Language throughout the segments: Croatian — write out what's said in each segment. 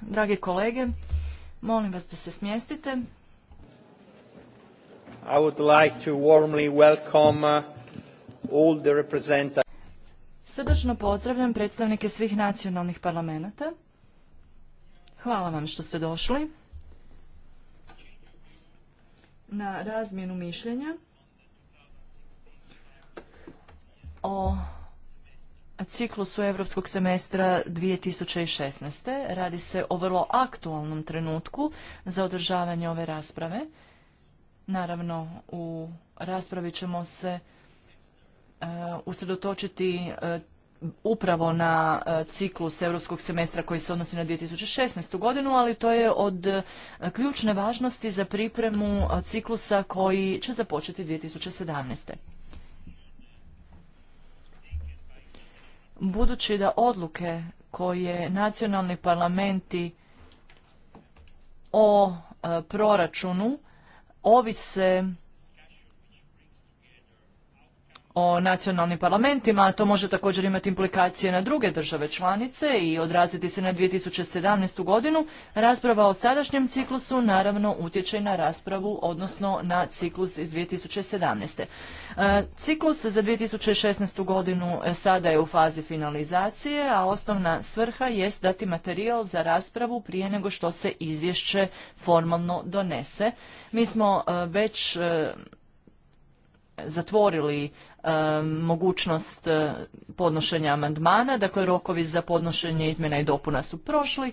Dragi kolege, molim vas da se smjestite. I would uh, Srdačno pozdravljam predstavnike svih nacionalnih parlamenta. Hvala vam što ste došli na razmjenu mišljenja o ciklusu Europskog semestra 2016. Radi se o vrlo aktualnom trenutku za održavanje ove rasprave. Naravno, u raspravi ćemo se e, usredotočiti e, upravo na e, ciklus europskog semestra koji se odnosi na 2016. godinu, ali to je od ključne važnosti za pripremu ciklusa koji će započeti 2017. budući da odluke koje nacionalni parlamenti o e, proračunu ovise o nacionalnim parlamentima, a to može također imati implikacije na druge države članice i odraziti se na 2017. godinu, rasprava o sadašnjem ciklusu naravno utječe na raspravu, odnosno na ciklus iz 2017. E, ciklus za 2016. godinu e, sada je u fazi finalizacije, a osnovna svrha jest dati materijal za raspravu prije nego što se izvješće formalno donese. Mi smo e, već zatvorili Um, mogućnost uh, podnošenja amandmana, dakle rokovi za podnošenje izmjena i dopuna su prošli,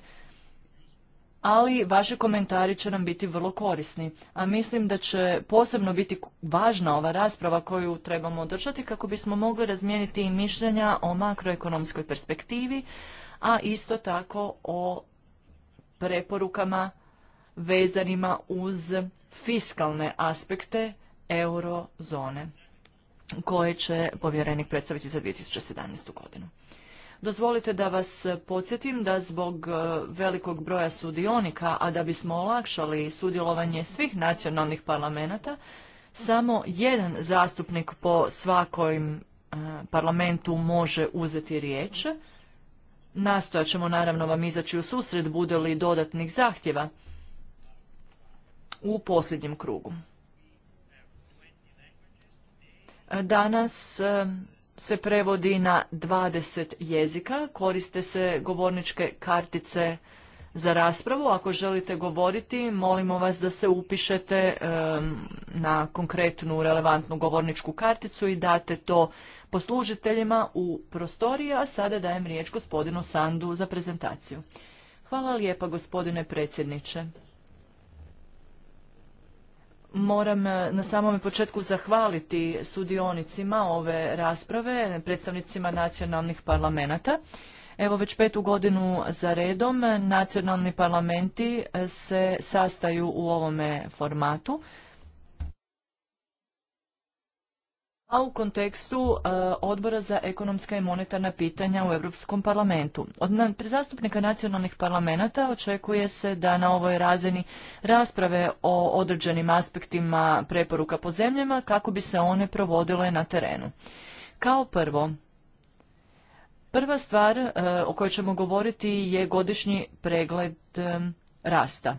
ali vaši komentari će nam biti vrlo korisni. A mislim da će posebno biti važna ova rasprava koju trebamo održati kako bismo mogli razmijeniti i mišljenja o makroekonomskoj perspektivi, a isto tako o preporukama vezanima uz fiskalne aspekte eurozone koje će povjerenik predstaviti za 2017. godinu. Dozvolite da vas podsjetim da zbog e, velikog broja sudionika, a da bismo olakšali sudjelovanje svih nacionalnih parlamenta, samo jedan zastupnik po svakom e, parlamentu može uzeti riječ. Nastojat ćemo naravno vam izaći u susret bude li dodatnih zahtjeva u posljednjem krugu. Danas se prevodi na 20 jezika, koriste se govorničke kartice za raspravu. Ako želite govoriti, molimo vas da se upišete na konkretnu relevantnu govorničku karticu i date to poslužiteljima u prostoriji, a sada dajem riječ gospodinu Sandu za prezentaciju. Hvala lijepa gospodine predsjedniče. Moram eh, na samom početku zahvaliti sudionicima ove rasprave, predstavnicima nacionalnih parlamenta. Evo već petu godinu za redom nacionalni parlamenti eh, se sastaju u ovome formatu. a u kontekstu e, odbora za ekonomska i monetarna pitanja u Europskom parlamentu. Od zastupnika nacionalnih parlamenta očekuje se da na ovoj razini rasprave o određenim aspektima preporuka po zemljama kako bi se one provodile na terenu. Kao prvo, prva stvar e, o kojoj ćemo govoriti je godišnji pregled e, rasta.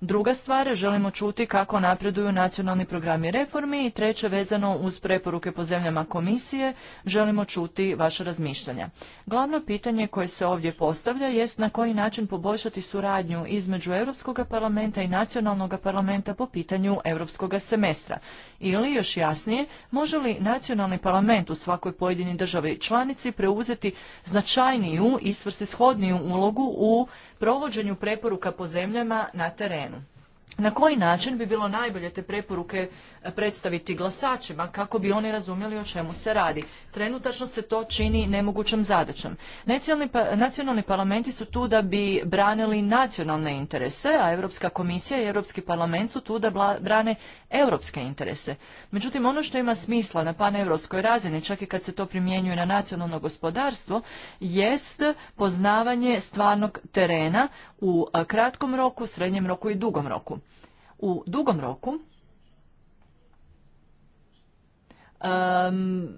Druga stvar, želimo čuti kako napreduju nacionalni programi reformi i treće vezano uz preporuke po zemljama komisije, želimo čuti vaše razmišljanja. Glavno pitanje koje se ovdje postavlja jest na koji način poboljšati suradnju između Europskog parlamenta i nacionalnog parlamenta po pitanju europskog semestra. Ili, još jasnije, može li nacionalni parlament u svakoj pojedini državi članici preuzeti značajniju i svrsishodniju ulogu u provođenju preporuka po zemljama na terenu na koji način bi bilo najbolje te preporuke e, predstaviti glasačima kako bi oni razumjeli o čemu se radi. Trenutačno se to čini nemogućom zadaćom. Pa, nacionalni, parlamenti su tu da bi branili nacionalne interese, a Europska komisija i Europski parlament su tu da brane europske interese. Međutim, ono što ima smisla na paneuropskoj razini, čak i kad se to primjenjuje na nacionalno gospodarstvo, jest poznavanje stvarnog terena u kratkom roku, srednjem roku i dugom roku. U dugom roku um,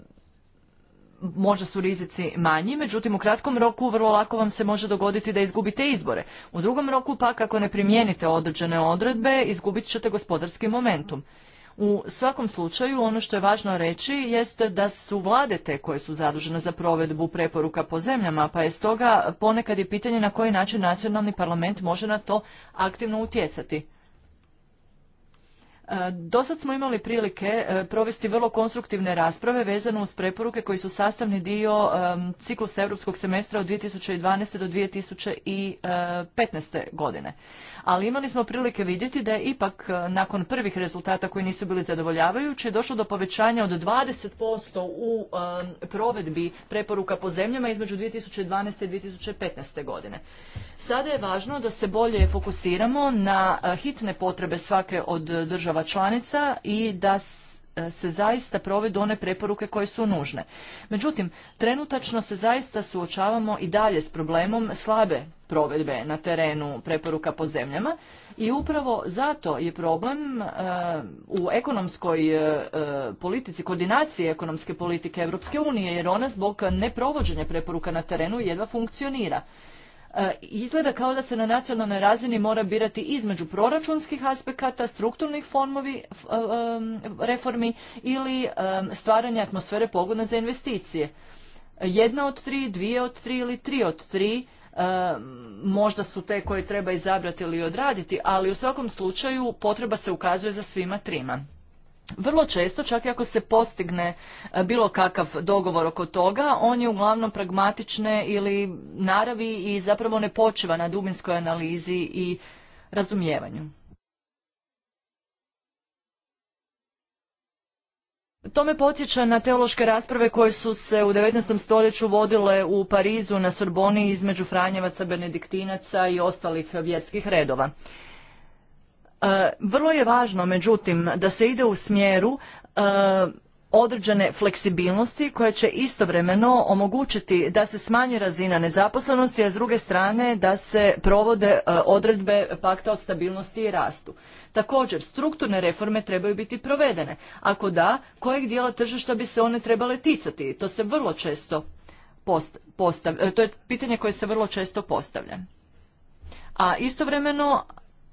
možda su rizici manji, međutim u kratkom roku vrlo lako vam se može dogoditi da izgubite izbore. U drugom roku pa kako ne primijenite određene odredbe, izgubit ćete gospodarski momentum. U svakom slučaju ono što je važno reći jeste da su vlade te koje su zadužene za provedbu preporuka po zemljama, pa je stoga ponekad je pitanje na koji način nacionalni parlament može na to aktivno utjecati. E, do sad smo imali prilike e, provesti vrlo konstruktivne rasprave vezano uz preporuke koji su sastavni dio ciklusa europskog semestra od 2012. do 2015. E, godine. Ali imali smo prilike vidjeti da je ipak nakon prvih rezultata koji nisu bili zadovoljavajući došlo do povećanja od 20% u provedbi preporuka po zemljama između 2012. i 2015. godine. Sada je važno da se bolje fokusiramo na hitne potrebe svake od država država članica i da e, se zaista provedu one preporuke koje su nužne. Međutim, trenutačno se zaista suočavamo i dalje s problemom slabe provedbe na terenu preporuka po zemljama i upravo zato je problem e, u ekonomskoj e, politici, koordinaciji ekonomske politike Europske unije, jer ona zbog neprovođenja preporuka na terenu jedva funkcionira. E, izgleda kao da se na nacionalnoj razini mora birati između proračunskih aspekata, strukturnih formovi, e, e, reformi ili stvaranja atmosfere pogodne za investicije. Jedna od tri, dvije od tri ili tri od tri možda su te koje treba izabrati ili odraditi, ali u svakom slučaju potreba se ukazuje za svima trima vrlo često, čak i ako se postigne e, bilo kakav dogovor oko toga, on je uglavnom pragmatične ili naravi i zapravo ne počiva na dubinskoj analizi i razumijevanju. To me podsjeća na teološke rasprave koje su se u 19. stoljeću vodile u Parizu na Sorboni između Franjevaca, Benediktinaca i ostalih vjerskih redova. E, vrlo je važno, međutim, da se ide u smjeru e, određene fleksibilnosti koja će istovremeno omogućiti da se smanji razina nezaposlenosti, a s druge strane da se provode e, odredbe pakta o stabilnosti i rastu. Također, strukturne reforme trebaju biti provedene. Ako da, kojeg dijela tržišta bi se one trebale ticati? To se vrlo često postavlja. To je pitanje koje se vrlo često postavlja. A istovremeno,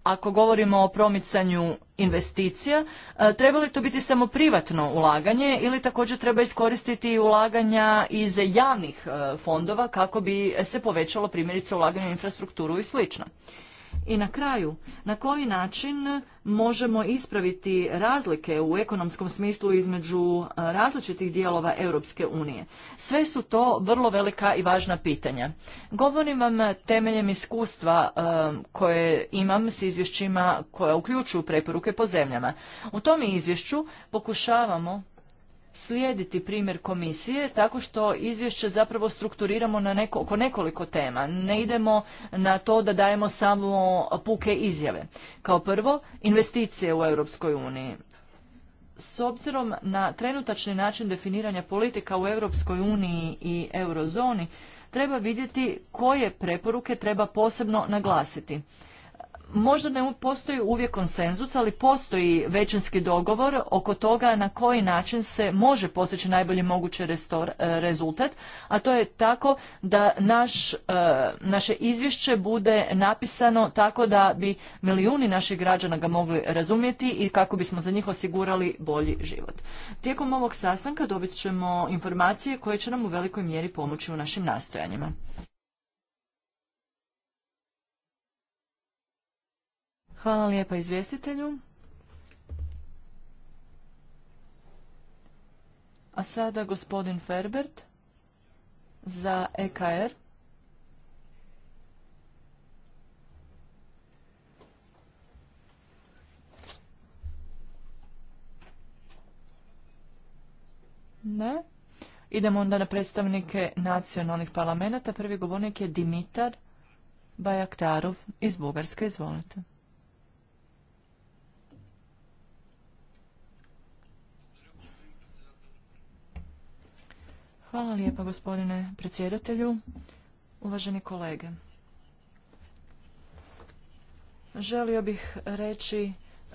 ako govorimo o promicanju investicija, e, treba li to biti samo privatno ulaganje ili također treba iskoristiti ulaganja iz javnih e, fondova kako bi se povećalo primjerice ulaganje u infrastrukturu i slično. I na kraju, na koji način možemo ispraviti razlike u ekonomskom smislu između e, različitih dijelova Europske unije? Sve su to vrlo velika i važna pitanja. Govorim vam temeljem iskustva e, koje imam s izvješćima koja uključuju preporuke po zemljama. U tom izvješću pokušavamo slijediti primjer komisije tako što izvješće zapravo strukturiramo na neko, oko nekoliko tema. Ne idemo na to da dajemo samo puke izjave. Kao prvo, investicije u Europskoj uniji. S obzirom na trenutačni način definiranja politika u Europskoj uniji i eurozoni, treba vidjeti koje preporuke treba posebno naglasiti. Možda ne postoji uvijek konsenzus, ali postoji većinski dogovor oko toga na koji način se može postići najbolji mogući e, rezultat, a to je tako da naš, e, naše izvješće bude napisano tako da bi milijuni naših građana ga mogli razumjeti i kako bismo za njih osigurali bolji život. Tijekom ovog sastanka dobit ćemo informacije koje će nam u velikoj mjeri pomoći u našim nastojanjima. Hvala lijepa izvjestitelju. A sada gospodin Ferbert za EKR. Ne. Idemo onda na predstavnike nacionalnih parlamenta. Prvi govornik je Dimitar Bajaktarov iz Bugarske. Izvolite. Hvala lijepa gospodine predsjedatelju, uvaženi kolege. Želio bih reći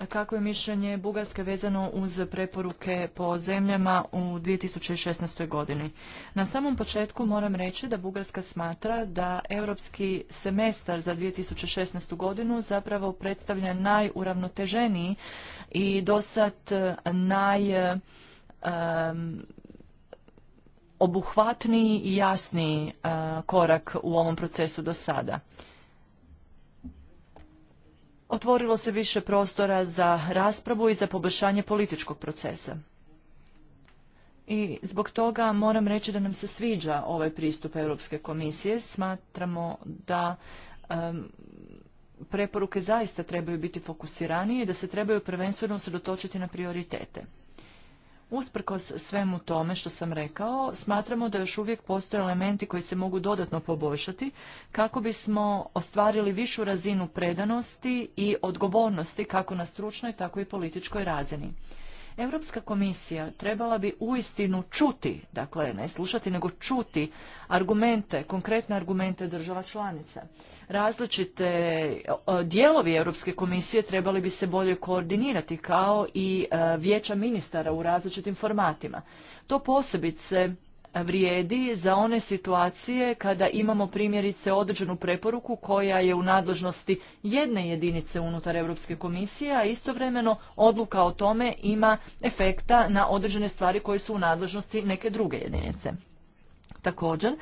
kako je mišljenje Bugarske vezano uz preporuke po zemljama u 2016. godini. Na samom početku moram reći da Bugarska smatra da europski semestar za 2016. godinu zapravo predstavlja najuravnoteženiji i dosad naj obuhvatniji i jasniji e, korak u ovom procesu do sada. Otvorilo se više prostora za raspravu i za poboljšanje političkog procesa. I zbog toga moram reći da nam se sviđa ovaj pristup Europske komisije. Smatramo da preporuke zaista trebaju biti fokusiranije i da se trebaju prvenstveno usredotočiti na prioritete. Usprkos svemu tome što sam rekao, smatramo da još uvijek postoje elementi koji se mogu dodatno poboljšati kako bismo ostvarili višu razinu predanosti i odgovornosti kako na stručnoj, tako i političkoj razini. Europska komisija trebala bi uistinu čuti, dakle ne slušati, nego čuti argumente, konkretne argumente država članica različite dijelovi Europske komisije trebali bi se bolje koordinirati kao i e, vijeća ministara u različitim formatima. To posebice vrijedi za one situacije kada imamo primjerice određenu preporuku koja je u nadležnosti jedne jedinice unutar Europske komisije, a istovremeno odluka o tome ima efekta na određene stvari koje su u nadležnosti neke druge jedinice. Također,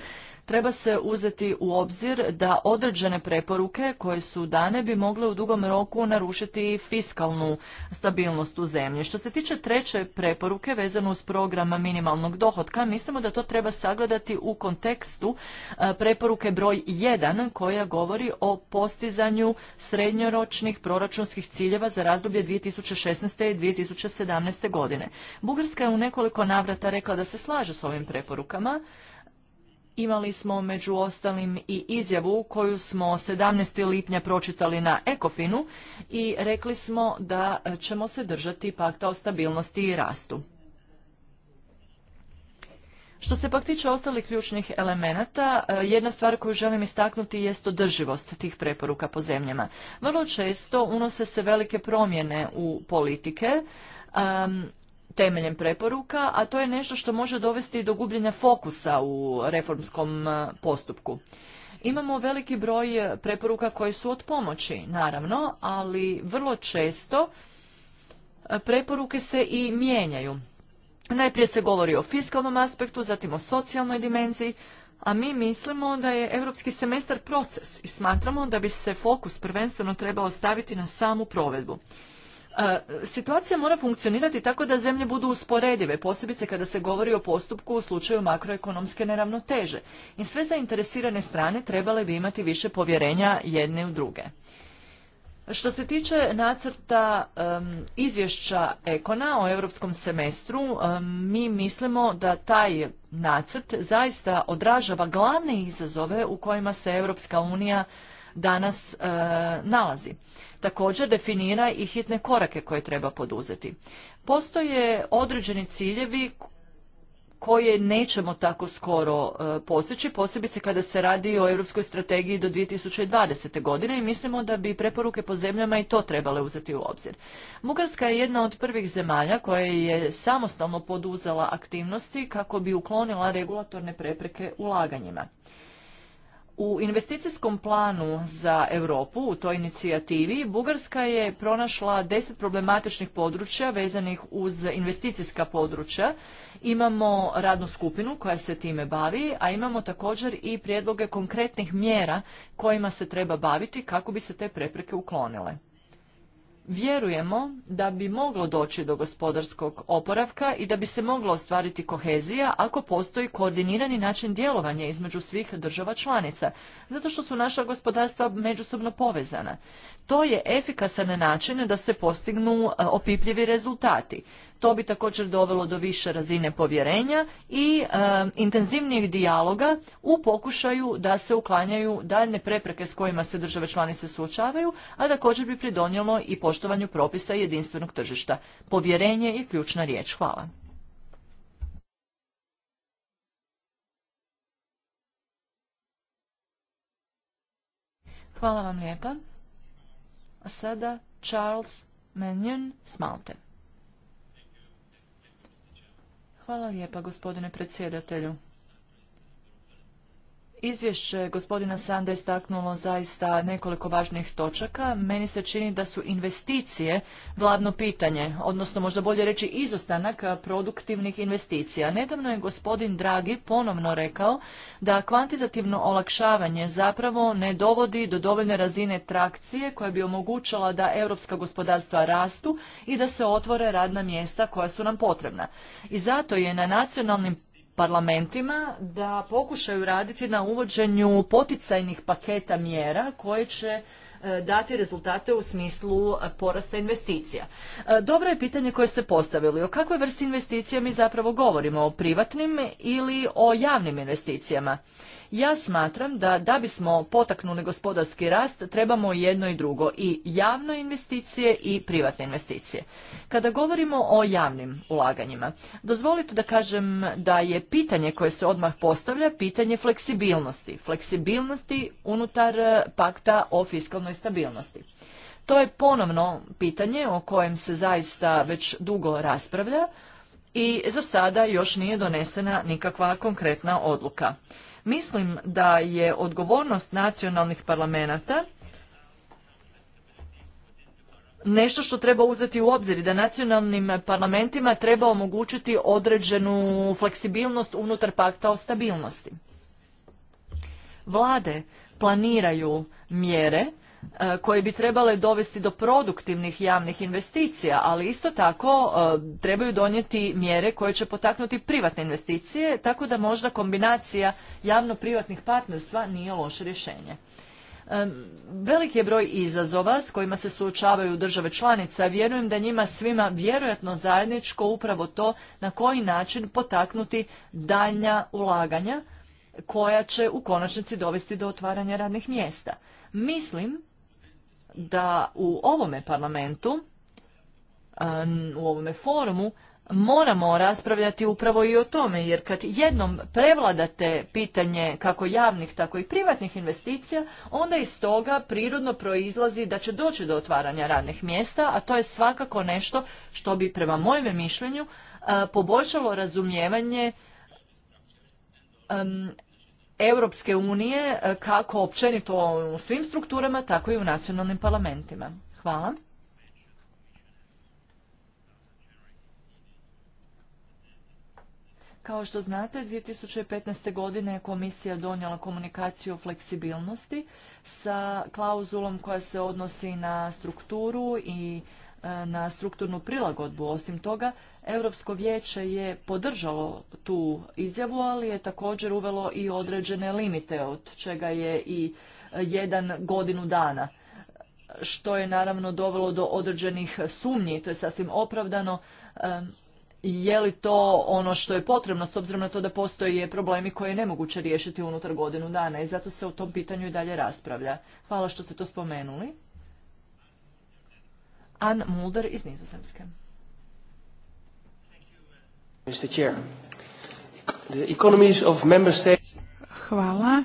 treba se uzeti u obzir da određene preporuke koje su dane bi mogle u dugom roku narušiti fiskalnu stabilnost u zemlji. Što se tiče treće preporuke vezano uz programa minimalnog dohotka, mislimo da to treba sagledati u kontekstu e, preporuke broj 1 koja govori o postizanju srednjoročnih proračunskih ciljeva za razdoblje 2016. i 2017. godine. Bugarska je u nekoliko navrata rekla da se slaže s ovim preporukama, Imali smo među ostalim i izjavu koju smo 17. lipnja pročitali na Ekofinu i rekli smo da ćemo se držati pakta o stabilnosti i rastu. Što se pak tiče ostalih ključnih elemenata, jedna stvar koju želim istaknuti jest održivost tih preporuka po zemljama. Vrlo često unose se velike promjene u politike, temeljem preporuka, a to je nešto što može dovesti do gubljenja fokusa u reformskom e, postupku. Imamo veliki broj preporuka koje su od pomoći, naravno, ali vrlo često e, preporuke se i mijenjaju. Najprije se govori o fiskalnom aspektu, zatim o socijalnoj dimenziji, a mi mislimo da je europski semestar proces i smatramo da bi se fokus prvenstveno trebao staviti na samu provedbu. E, situacija mora funkcionirati tako da zemlje budu usporedive, posebice kada se govori o postupku u slučaju makroekonomske neravnoteže. I sve zainteresirane strane trebale bi imati više povjerenja jedne u druge. Što se tiče nacrta izvješća Ekona o europskom semestru, mi mislimo da taj nacrt zaista odražava glavne izazove u kojima se Europska unija danas e, nalazi. Također definira i hitne korake koje treba poduzeti. Postoje određeni ciljevi koje nećemo tako skoro e, postići, posebice kada se radi o Europskoj strategiji do 2020. godine i mislimo da bi preporuke po zemljama i to trebale uzeti u obzir. Mugarska je jedna od prvih zemalja koja je samostalno poduzela aktivnosti kako bi uklonila regulatorne prepreke ulaganjima. U investicijskom planu za Europu u toj inicijativi Bugarska je pronašla deset problematičnih područja vezanih uz investicijska područja. Imamo radnu skupinu koja se time bavi, a imamo također i prijedloge konkretnih mjera kojima se treba baviti kako bi se te prepreke uklonile. Vjerujemo da bi moglo doći do gospodarskog oporavka i da bi se moglo ostvariti kohezija ako postoji koordinirani način djelovanja između svih država članica, zato što su naša gospodarstva međusobno povezana. To je efikasan način da se postignu e, opipljivi rezultati. To bi također dovelo do više razine povjerenja i e, intenzivnijeg dijaloga u pokušaju da se uklanjaju daljne prepreke s kojima se države članice suočavaju, a također bi pridonijelo i poštovanju propisa jedinstvenog tržišta. Povjerenje je ključna riječ. Hvala. Hvala vam lijepa. A sada Charles Mannion s Malte. Hvala lijepa gospodine predsjedatelju. Izvješće gospodina Sanda istaknulo zaista nekoliko važnih točaka. Meni se čini da su investicije glavno pitanje, odnosno možda bolje reći izostanak produktivnih investicija. Nedavno je gospodin Dragi ponovno rekao da kvantitativno olakšavanje zapravo ne dovodi do dovoljne razine trakcije koja bi omogućala da europska gospodarstva rastu i da se otvore radna mjesta koja su nam potrebna. I zato je na nacionalnim parlamentima da pokušaju raditi na uvođenju poticajnih paketa mjera koje će e, dati rezultate u smislu porasta investicija. E, dobro je pitanje koje ste postavili. O kakvoj vrsti investicija mi zapravo govorimo? O privatnim ili o javnim investicijama? Ja smatram da da bismo potaknuli gospodarski rast trebamo jedno i drugo i javne investicije i privatne investicije. Kada govorimo o javnim ulaganjima, dozvolite da kažem da je pitanje koje se odmah postavlja pitanje fleksibilnosti, fleksibilnosti unutar eh, pakta o fiskalnoj stabilnosti. To je ponovno pitanje o kojem se zaista već dugo raspravlja i za sada još nije donesena nikakva konkretna odluka. Mislim da je odgovornost nacionalnih parlamenta nešto što treba uzeti u obzir da nacionalnim parlamentima treba omogućiti određenu fleksibilnost unutar pakta o stabilnosti. Vlade planiraju mjere E, koje bi trebale dovesti do produktivnih javnih investicija, ali isto tako e, trebaju donijeti mjere koje će potaknuti privatne investicije, tako da možda kombinacija javno-privatnih partnerstva nije loše rješenje. E, Veliki je broj izazova s kojima se suočavaju države članice, vjerujem da njima svima vjerojatno zajedničko upravo to na koji način potaknuti danja ulaganja koja će u konačnici dovesti do otvaranja radnih mjesta. Mislim da u ovome parlamentu, u ovome forumu, moramo raspravljati upravo i o tome, jer kad jednom prevladate pitanje kako javnih, tako i privatnih investicija, onda iz toga prirodno proizlazi da će doći do otvaranja radnih mjesta, a to je svakako nešto što bi prema mojem mišljenju eh, poboljšalo razumijevanje Europske unije e, kako općenito u svim strukturama, tako i u nacionalnim parlamentima. Hvala. Kao što znate, 2015. godine je komisija donijela komunikaciju o fleksibilnosti sa klauzulom koja se odnosi na strukturu i E, na strukturnu prilagodbu. Osim toga, Europsko vijeće je podržalo tu izjavu, ali je također uvelo i određene limite, od čega je i jedan godinu dana što je naravno dovelo do određenih sumnji, to je sasvim opravdano, je li to ono što je potrebno, s obzirom na to da postoje problemi koje je nemoguće riješiti unutar godinu dana i zato se o tom pitanju i dalje raspravlja. Hvala što ste to spomenuli. Ann Mulder iz Nizozemske. Hvala.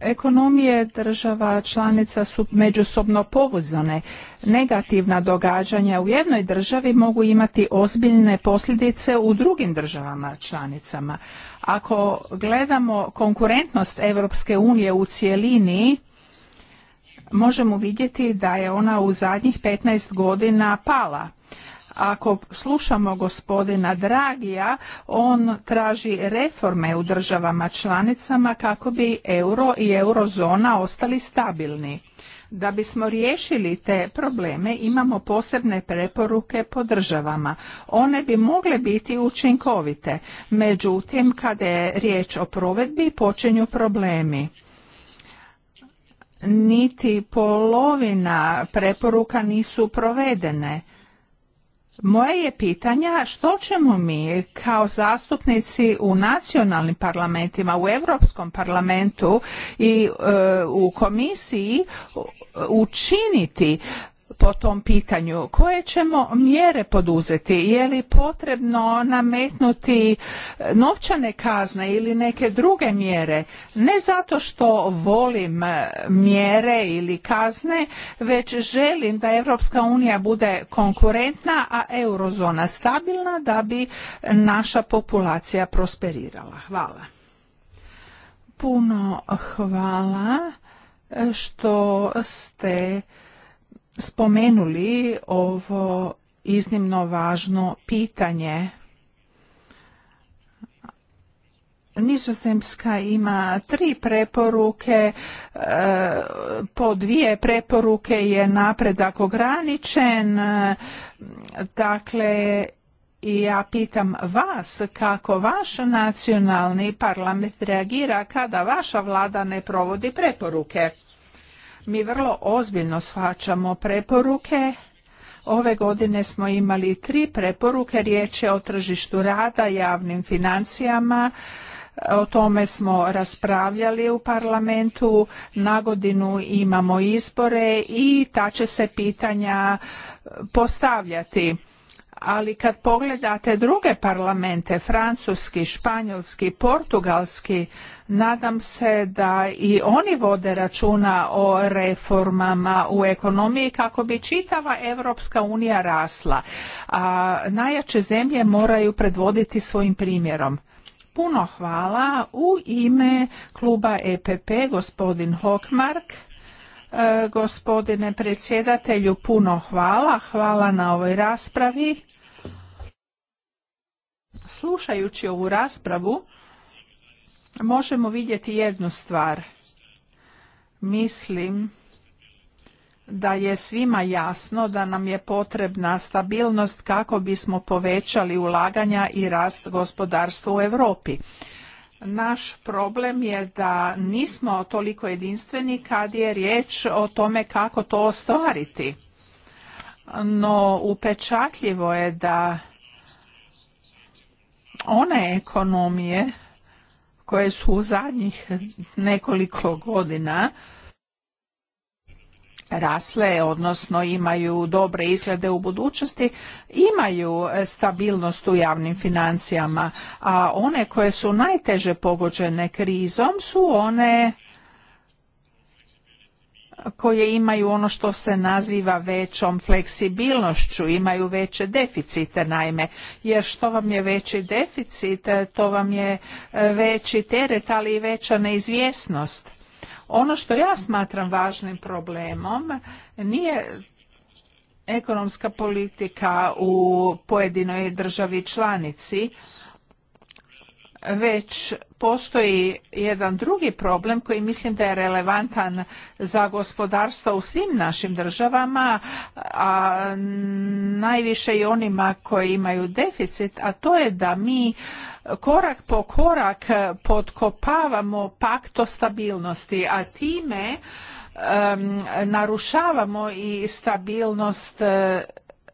Ekonomije država članica su međusobno povezane. Negativna događanja u jednoj državi mogu imati ozbiljne posljedice u drugim državama članicama. Ako gledamo konkurentnost Europske unije u cjelini, možemo vidjeti da je ona u zadnjih 15 godina pala. Ako slušamo gospodina Dragija, on traži reforme u državama članicama kako bi euro i eurozona ostali stabilni. Da bismo riješili te probleme imamo posebne preporuke po državama. One bi mogle biti učinkovite, međutim kada je riječ o provedbi počinju problemi niti polovina preporuka nisu provedene. Moje je pitanja što ćemo mi kao zastupnici u nacionalnim parlamentima, u Europskom parlamentu i e, u komisiji učiniti po tom pitanju. Koje ćemo mjere poduzeti? Je li potrebno nametnuti e, novčane kazne ili neke druge mjere? Ne zato što volim e, mjere ili kazne, već želim da Europska unija bude konkurentna, a eurozona stabilna da bi naša populacija prosperirala. Hvala. Puno hvala što ste spomenuli ovo iznimno važno pitanje. Nizozemska ima tri preporuke, e, po dvije preporuke je napredak ograničen, e, dakle i ja pitam vas kako vaš nacionalni parlament reagira kada vaša vlada ne provodi preporuke. Mi vrlo ozbiljno shvaćamo preporuke. Ove godine smo imali tri preporuke, riječ je o tržištu rada, javnim financijama, o tome smo raspravljali u parlamentu, na godinu imamo izbore i ta će se pitanja postavljati ali kad pogledate druge parlamente, francuski, španjolski, portugalski, nadam se da i oni vode računa o reformama u ekonomiji kako bi čitava Europska unija rasla. A najjače zemlje moraju predvoditi svojim primjerom. Puno hvala u ime kluba EPP gospodin Hokmark. E, gospodine predsjedatelju, puno hvala. Hvala na ovoj raspravi. Slušajući ovu raspravu, možemo vidjeti jednu stvar. Mislim da je svima jasno da nam je potrebna stabilnost kako bismo povećali ulaganja i rast gospodarstva u Europi naš problem je da nismo toliko jedinstveni kad je riječ o tome kako to ostvariti. No upečatljivo je da one ekonomije koje su u zadnjih nekoliko godina rasle, odnosno imaju dobre izglede u budućnosti, imaju e, stabilnost u javnim financijama, a one koje su najteže pogođene krizom su one koje imaju ono što se naziva većom fleksibilnošću, imaju veće deficite naime, jer što vam je veći deficit, e, to vam je e, veći teret, ali i veća neizvjesnost. Ono što ja smatram važnim problemom nije ekonomska politika u pojedinoj državi članici, već postoji jedan drugi problem koji mislim da je relevantan za gospodarstvo u svim našim državama, a najviše i onima koji imaju deficit, a to je da mi korak po korak eh, potkopavamo pakt o stabilnosti, a time narušavamo i stabilnost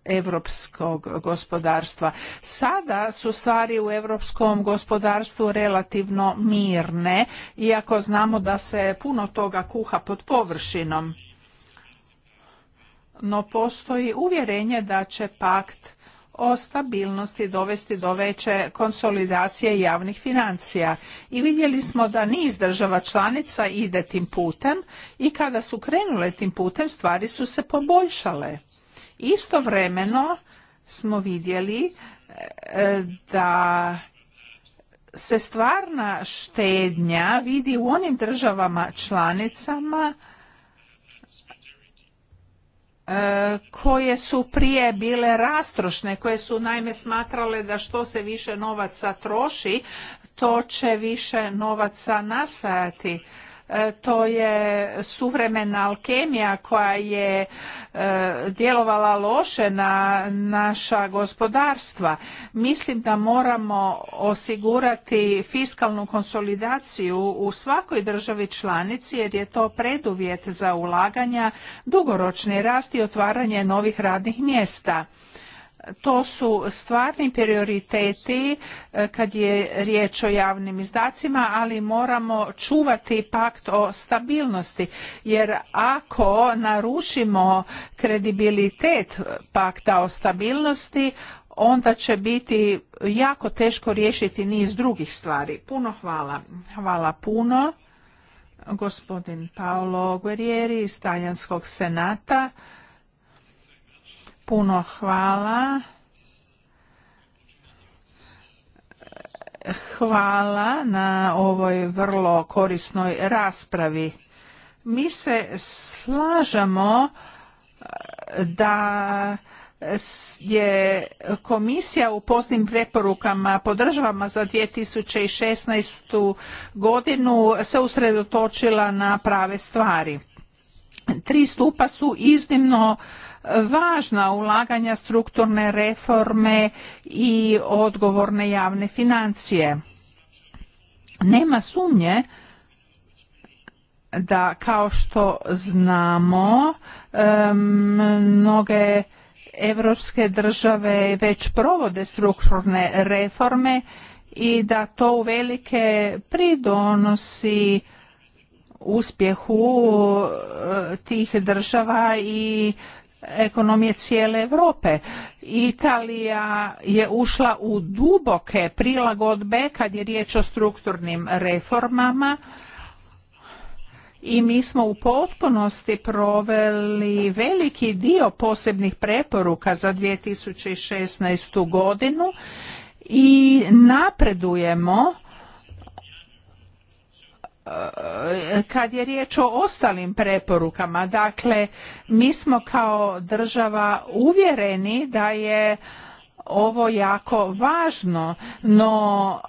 europskog eh, gospodarstva. Sada su stvari u europskom gospodarstvu relativno mirne, iako znamo da se puno toga kuha pod površinom. No postoji uvjerenje da će pakt o stabilnosti dovesti do veće konsolidacije javnih financija. I vidjeli smo da niz država članica ide tim putem i kada su krenule tim putem stvari su se poboljšale. Istovremeno smo vidjeli e, da se stvarna štednja vidi u onim državama članicama E, koje su prije bile rastrošne, koje su naime smatrale da što se više novaca troši, to će više novaca nastajati. E, to je suvremena alkemija koja je e, djelovala loše na naša gospodarstva. Mislim da moramo osigurati fiskalnu konsolidaciju u svakoj državi članici jer je to preduvjet za ulaganja, dugoročni rast i otvaranje novih radnih mjesta to su stvarni prioriteti e, kad je riječ o javnim izdacima, ali moramo čuvati pakt o stabilnosti jer ako narušimo kredibilitet pakta o stabilnosti, onda će biti jako teško riješiti niz drugih stvari. Puno hvala. Hvala puno. Gospodin Paolo Guerrieri iz Talijanskog senata. Puno hvala. Hvala na ovoj vrlo korisnoj raspravi. Mi se slažemo eh, da je komisija u poznim preporukama po državama za 2016. godinu se usredotočila na prave stvari tri stupa su iznimno e, važna ulaganja strukturne reforme i odgovorne javne financije. Nema sumnje da kao što znamo e, mnoge europske države već provode strukturne reforme i da to uvelike pridonosi uspjehu eh, tih država i ekonomije cijele Europe. Italija je ušla u duboke prilagodbe kad je riječ o strukturnim reformama i mi smo u potpunosti proveli veliki dio posebnih preporuka za 2016. godinu i napredujemo kad je riječ o ostalim preporukama dakle mi smo kao država uvjereni da je ovo jako važno no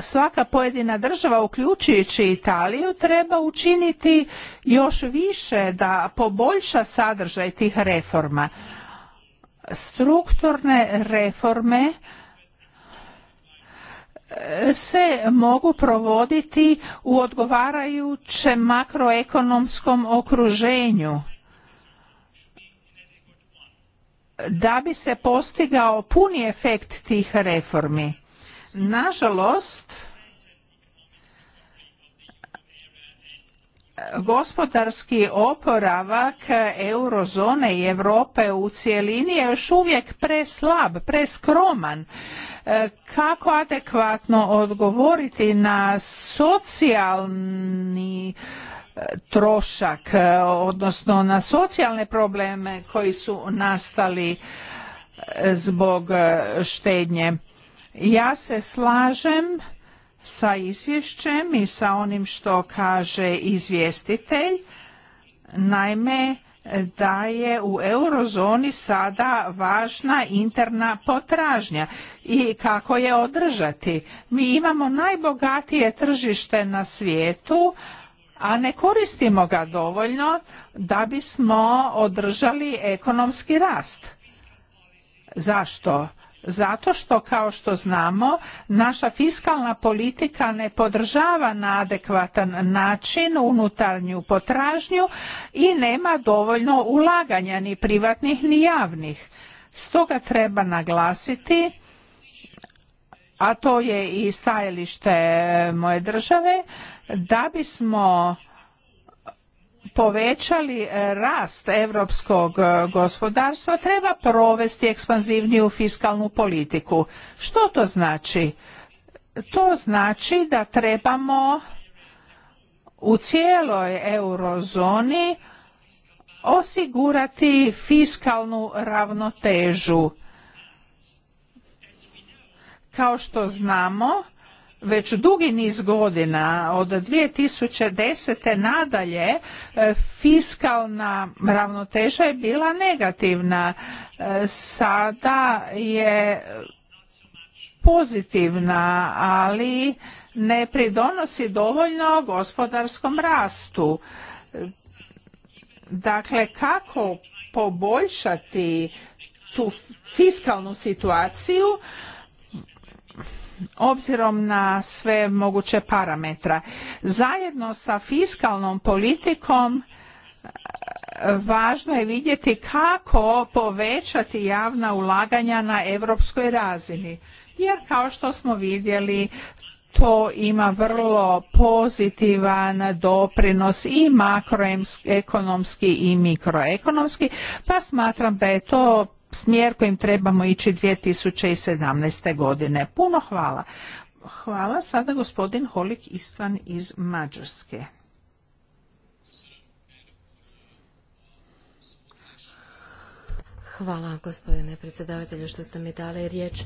svaka pojedina država uključujući Italiju treba učiniti još više da poboljša sadržaj tih reforma strukturne reforme se mogu provoditi u odgovarajućem makroekonomskom okruženju da bi se postigao puni efekt tih reformi. Nažalost, gospodarski oporavak eurozone i Europe u cjelini je još uvijek preslab, preskroman. E, kako adekvatno odgovoriti na socijalni e, trošak, e, odnosno na socijalne probleme koji su nastali zbog štednje? Ja se slažem sa izvješćem i sa onim što kaže izvjestitelj. Naime, da je u eurozoni sada važna interna potražnja i kako je održati. Mi imamo najbogatije tržište na svijetu, a ne koristimo ga dovoljno da bismo održali ekonomski rast. Zašto? Zato što, kao što znamo, naša fiskalna politika ne podržava na adekvatan način unutarnju potražnju i nema dovoljno ulaganja ni privatnih ni javnih. Stoga treba naglasiti a to je i stajalište moje države, da bismo povećali e, rast europskog e, gospodarstva treba provesti ekspanzivniju fiskalnu politiku. Što to znači? To znači da trebamo u cijeloj eurozoni osigurati fiskalnu ravnotežu. Kao što znamo, već dugi niz godina od 2010. nadalje e, fiskalna ravnoteža je bila negativna. E, sada je pozitivna, ali ne pridonosi dovoljno gospodarskom rastu. Dakle, kako poboljšati tu fiskalnu situaciju obzirom na sve moguće parametra. Zajedno sa fiskalnom politikom e, važno je vidjeti kako povećati javna ulaganja na europskoj razini. Jer kao što smo vidjeli to ima vrlo pozitivan doprinos i makroekonomski i mikroekonomski, pa smatram da je to smjer kojim trebamo ići 2017. godine. Puno hvala. Hvala sada gospodin Holik Istvan iz Mađarske. Hvala gospodine predsjedavatelju što ste mi dali riječ.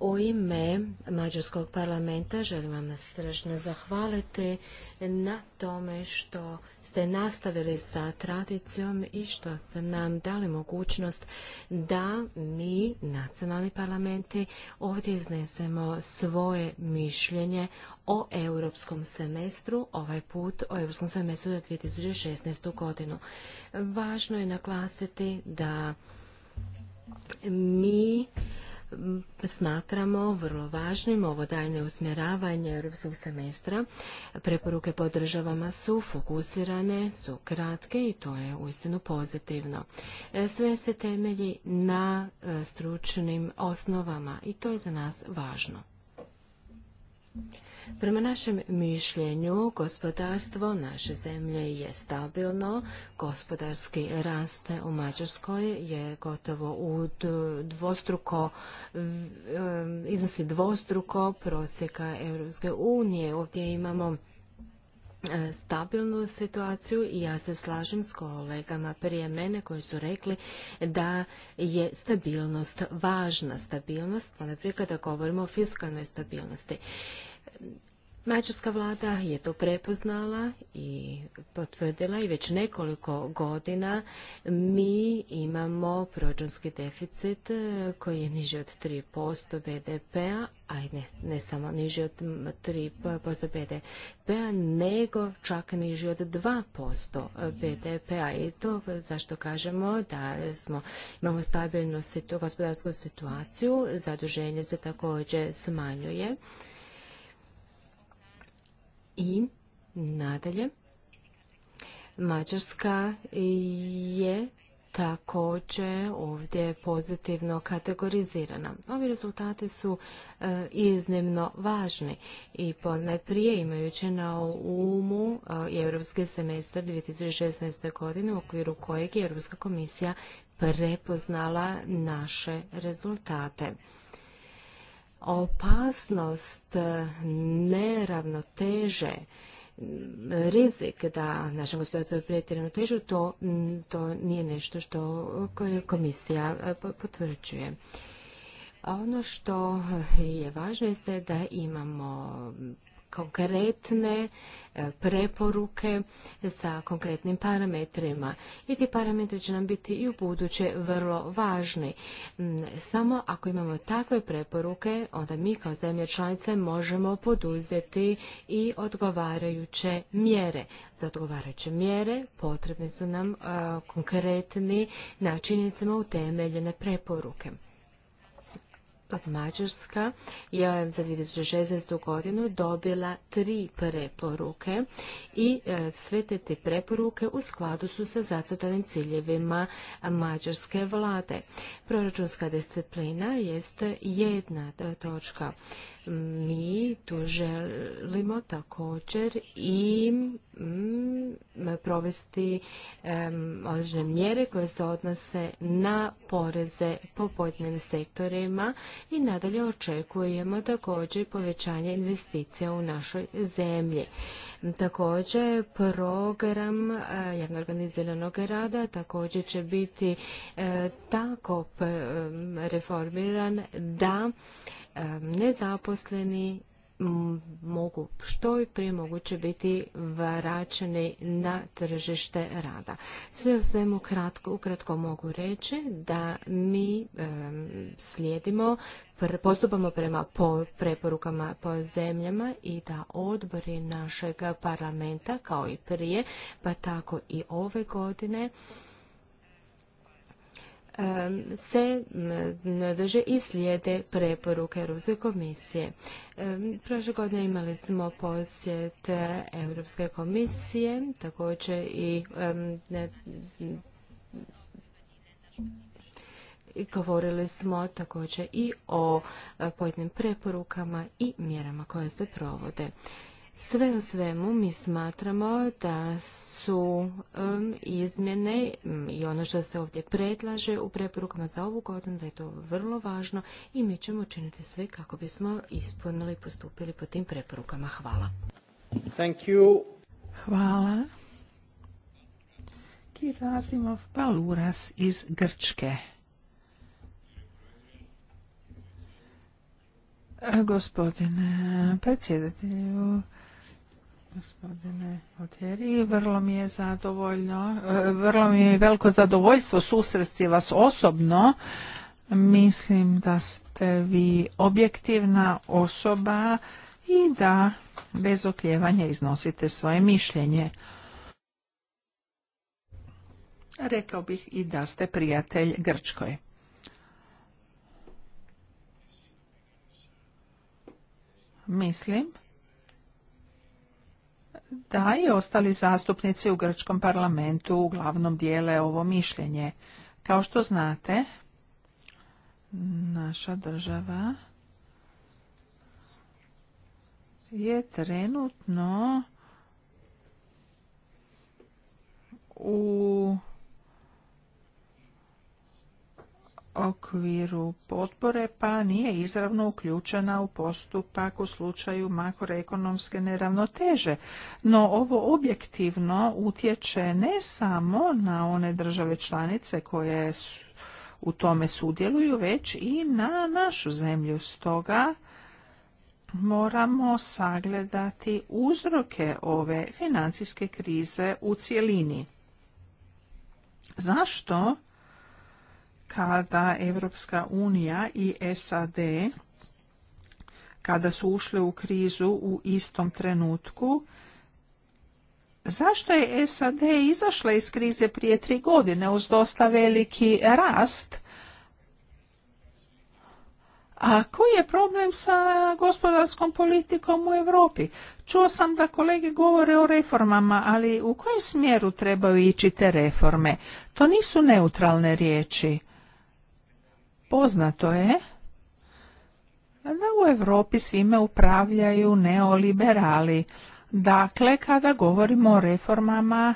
U ime Mađarskog parlamenta želim vam srčno zahvaliti na tome što ste nastavili sa tradicijom i što ste nam dali mogućnost da mi, nacionalni parlamenti, ovdje iznesemo svoje mišljenje o europskom semestru, ovaj put o europskom semestru za 2016. godinu. Važno je naglasiti da mi smatramo vrlo važnim ovo daljnje usmjeravanje europskog semestra. Preporuke po državama su fokusirane, su kratke i to je uistinu pozitivno. E, sve se temelji na e, stručnim osnovama i to je za nas važno. Prema našem mišljenju, gospodarstvo naše zemlje je stabilno, gospodarski rast u Mađarskoj je gotovo u dvostruko, iznosi dvostruko prosjeka Europske unije. Ovdje imamo e, stabilnu situaciju i ja se slažem s kolegama prije mene koji su rekli da je stabilnost važna stabilnost, naprijed kada govorimo o fiskalnoj stabilnosti. Mađarska vlada je to prepoznala i potvrdila i već nekoliko godina mi imamo proračunski deficit e, koji je niži od 3% BDP-a, a ne, samo niži od 3% BDP-a, nego čak niži od 2% BDP-a. I to zašto kažemo da smo, imamo stabilnu gospodarsku situaciju, zaduženje se također smanjuje. I nadalje, Mađarska je također ovdje pozitivno kategorizirana. Ovi rezultati su e, iznimno važni i ponajprije imajući na umu e, Europski semestar 2016. godine u okviru kojeg je Europska komisija prepoznala naše rezultate opasnost e, neravnoteže rizik da našem gospodarstvu prijeti ravnotežu, to, to nije nešto što komisija e, potvrđuje. ono što je važno jeste da imamo konkretne e, preporuke sa konkretnim parametrima. I ti parametri će nam biti i u buduće vrlo važni. Mm, samo ako imamo takve preporuke, onda mi kao zemlje članice možemo poduzeti i odgovarajuće mjere. Za odgovarajuće mjere potrebni su nam e, konkretni načinicama utemeljene preporuke. Mađarska je za 2016. godinu dobila tri preporuke i e, sve te, te preporuke u skladu su sa zacrtanim ciljevima mađarske vlade. Proračunska disciplina jest jedna e, točka mi tu želimo također i mm, provesti određene mjere koje se odnose na poreze po pojedinim sektorima i nadalje očekujemo također povećanje investicija u našoj zemlji. Također program eh, javno rada također će biti eh, tako eh, reformiran da E, nezaposleni mogu što i prije moguće biti vraćeni na tržište rada. Sve o svemu kratko, ukratko mogu reći da mi e, slijedimo, postupamo prema preporukama po zemljama i da odbori našeg parlamenta kao i prije, pa tako i ove godine se drže i slijede preporuke Europske komisije. Prošle godine imali smo posjet Europske komisije, također i govorili smo također i o e, pojedinim preporukama i mjerama koje se provode. Sve u svemu mi smatramo da su izmjene i ono što se ovdje predlaže u preporukama za ovu godinu, da je to vrlo važno i mi ćemo učiniti sve kako bismo ispunili i postupili po tim preporukama. Hvala. Thank you. Hvala. Kirazimov Paluras iz Grčke. Gospodine predsjedatelju, gospodine Oteri, Vrlo mi je zadovoljno, e, vrlo mi je veliko zadovoljstvo susresti vas osobno. Mislim da ste vi objektivna osoba i da bez okljevanja iznosite svoje mišljenje. Rekao bih i da ste prijatelj Grčkoj. Mislim da i ostali zastupnici u grčkom parlamentu uglavnom dijele ovo mišljenje. Kao što znate, naša država je trenutno u okviru potpore pa nije izravno uključena u postupak u slučaju makroekonomske neravnoteže. No ovo objektivno utječe ne samo na one države članice koje u tome sudjeluju, već i na našu zemlju. Stoga moramo sagledati uzroke ove financijske krize u cjelini. Zašto kada Evropska unija i SAD kada su ušle u krizu u istom trenutku zašto je SAD izašla iz krize prije tri godine uz dosta veliki rast a koji je problem sa gospodarskom politikom u Europi? Čuo sam da kolege govore o reformama, ali u kojem smjeru trebaju ići te reforme? To nisu neutralne riječi. Poznato je da u Europi svime upravljaju neoliberali. Dakle, kada govorimo o reformama,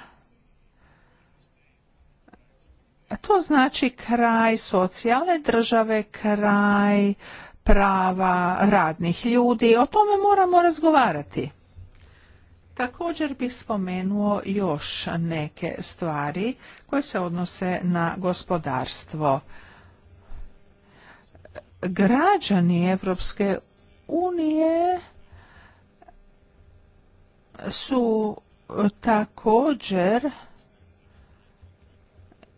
to znači kraj socijalne države, kraj prava radnih ljudi. O tome moramo razgovarati. Također bih spomenuo još neke stvari koje se odnose na gospodarstvo građani Evropske unije su također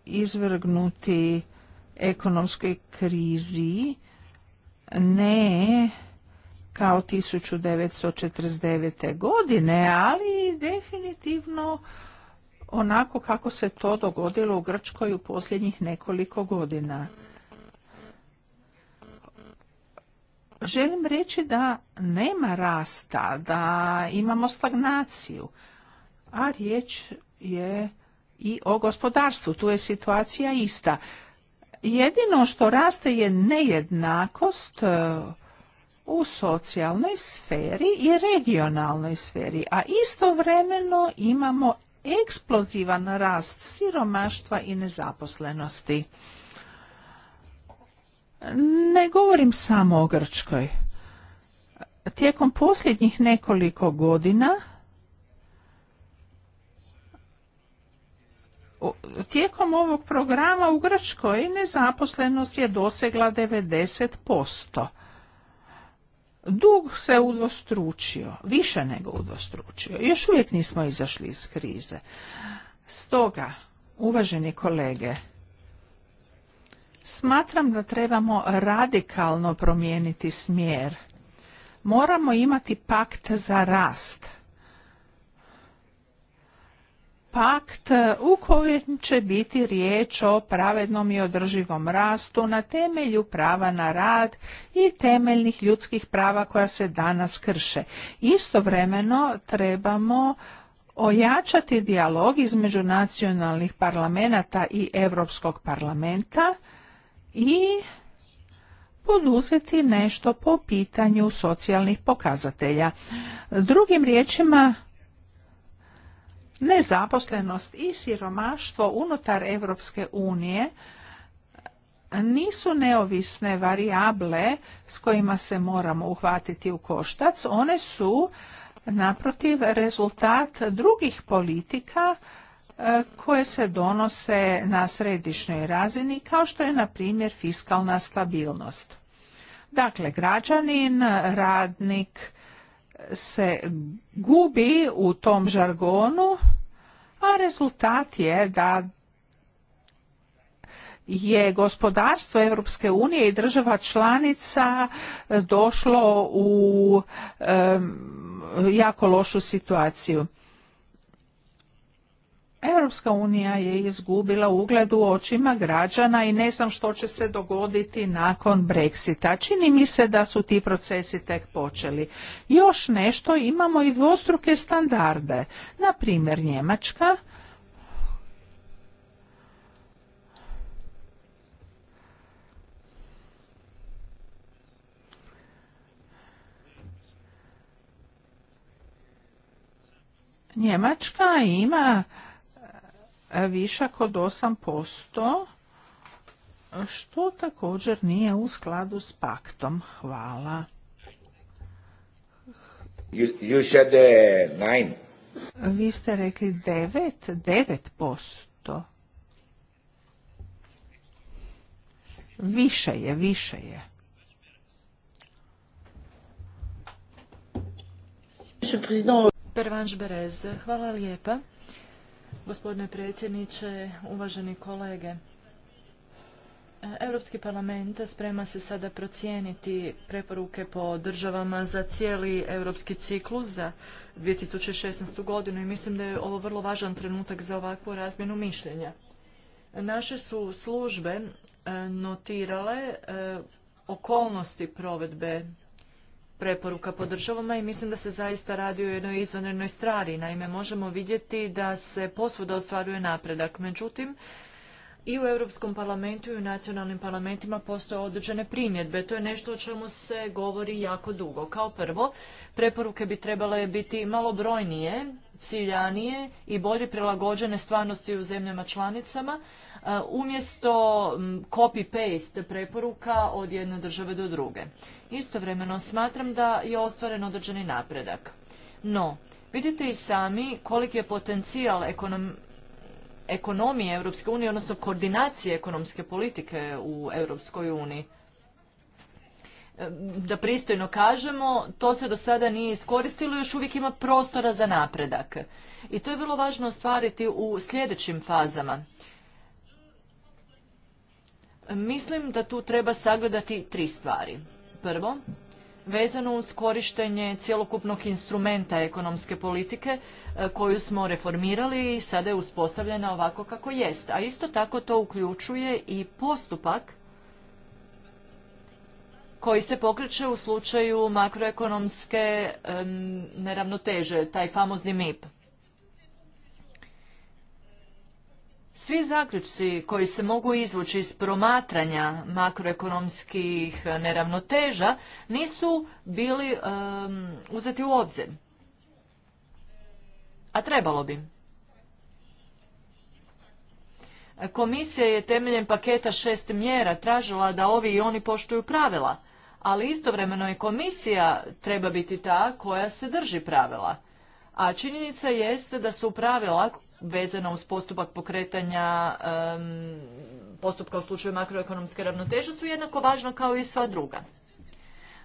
izvrgnuti ekonomskoj krizi ne kao 1949. godine, ali definitivno onako kako se to dogodilo u Grčkoj u posljednjih nekoliko godina. želim reći da nema rasta, da imamo stagnaciju, a riječ je i o gospodarstvu. Tu je situacija ista. Jedino što raste je nejednakost e, u socijalnoj sferi i regionalnoj sferi, a istovremeno imamo eksplozivan rast siromaštva i nezaposlenosti. Ne govorim samo o Grčkoj. Tijekom posljednjih nekoliko godina tijekom ovog programa u Grčkoj nezaposlenost je dosegla 90%. Dug se udvostručio, više nego udvostručio. Još uvijek nismo izašli iz krize. Stoga, uvaženi kolege, Smatram da trebamo radikalno promijeniti smjer. Moramo imati pakt za rast. Pakt u kojem će biti riječ o pravednom i održivom rastu na temelju prava na rad i temeljnih ljudskih prava koja se danas krše. Istovremeno trebamo ojačati dijalog između nacionalnih parlamenta i Europskog parlamenta i poduzeti nešto po pitanju socijalnih pokazatelja. Drugim riječima, nezaposlenost i siromaštvo unutar Europske unije nisu neovisne varijable s kojima se moramo uhvatiti u koštac, one su naprotiv rezultat drugih politika E, koje se donose na središnjoj razini kao što je na primjer fiskalna stabilnost. Dakle, građanin, radnik se gubi u tom žargonu, a rezultat je da je gospodarstvo Europske unije i država članica došlo u jako lošu situaciju. Europska unija je izgubila ugled u očima građana i ne znam što će se dogoditi nakon Brexita. Čini mi se da su ti procesi tek počeli. Još nešto imamo i dvostruke standarde. Na primjer Njemačka Njemačka ima višak od 8%, što također nije u skladu s paktom. Hvala. You, you said, uh, nine. Vi ste rekli 9, 9%. Više je, više je. Pervanš Berez, hvala lijepa. Gospodine predsjedniče, uvaženi kolege. Europski parlament sprema se sada procijeniti preporuke po državama za cijeli europski ciklus za 2016. godinu i mislim da je ovo vrlo važan trenutak za ovakvu razmjenu mišljenja. Naše su službe e, notirale e, okolnosti provedbe preporuka državama i mislim da se zaista radi o jednoj izvanrednoj stvari. Naime, možemo vidjeti da se posvuda ostvaruje napredak. Međutim, i u Europskom parlamentu i u nacionalnim parlamentima postoje određene primjedbe. To je nešto o čemu se govori jako dugo. Kao prvo, preporuke bi trebale biti malobrojnije, ciljanije i bolje prilagođene stvarnosti u zemljama članicama, e, umjesto copy-paste preporuka od jedne države do druge. Istovremeno smatram da je ostvaren određeni napredak. No, vidite i sami koliki je potencijal ekonomije Europske unije, odnosno koordinacije ekonomske politike u Europskoj uniji. E, da pristojno kažemo, to se do sada nije iskoristilo, još uvijek ima prostora za napredak. I to je vrlo važno ostvariti u sljedećim fazama. Mislim da tu treba sagledati tri stvari. Prvo, vezano uz korištenje cjelokupnog instrumenta ekonomske politike e, koju smo reformirali i sada je uspostavljena ovako kako jest. A isto tako to uključuje i postupak koji se pokreće u slučaju makroekonomske neravnoteže, taj famozni MIP. Svi zaključci koji se mogu izvući iz promatranja makroekonomskih neravnoteža nisu bili uzeti u obzir. A trebalo bi. Komisija je temeljem paketa šest mjera tražila da ovi i oni poštuju pravila, ali istovremeno i komisija treba biti ta koja se drži pravila. A činjenica jeste da su pravila vezana uz postupak pokretanja postupka u slučaju makroekonomske ravnoteže su jednako važna kao i sva druga.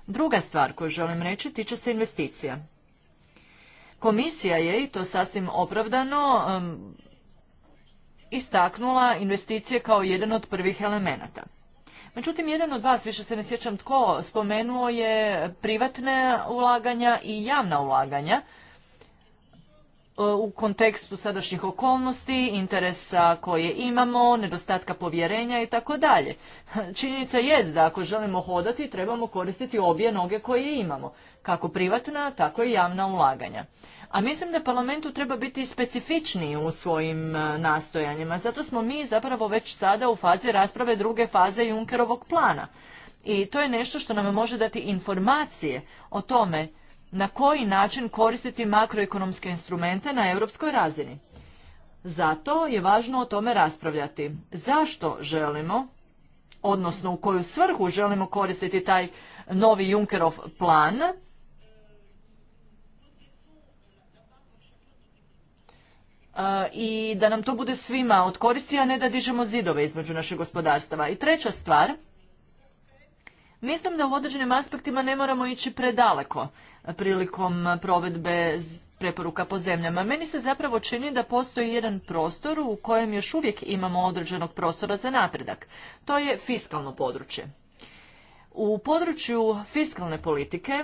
Druga stvar koju želim reći tiče se investicija. Komisija je, i to sasvim opravdano, istaknula investicije kao jedan od prvih elemenata. Međutim, jedan od vas, više se ne sjećam tko, spomenuo je privatne ulaganja i javna ulaganja, E, u kontekstu sadašnjih okolnosti, interesa koje imamo, nedostatka povjerenja i tako dalje. Činjenica je da ako želimo hodati trebamo koristiti obje noge koje imamo, kako privatna, tako i javna ulaganja. A mislim da parlamentu treba biti specifičniji u svojim e, nastojanjima, zato smo mi zapravo već sada u fazi rasprave druge faze Junkerovog plana. I to je nešto što nam može dati informacije o tome na koji način koristiti makroekonomske instrumente na europskoj razini. Zato je važno o tome raspravljati. Zašto želimo, odnosno u koju svrhu želimo koristiti taj novi Junckerov plan, e, i da nam to bude svima od koristi, a ne da dižemo zidove između naših gospodarstava. I treća stvar, Mislim da u određenim aspektima ne moramo ići predaleko prilikom provedbe preporuka po zemljama. Meni se zapravo čini da postoji jedan prostor u kojem još uvijek imamo određenog prostora za napredak. To je fiskalno područje. U području fiskalne politike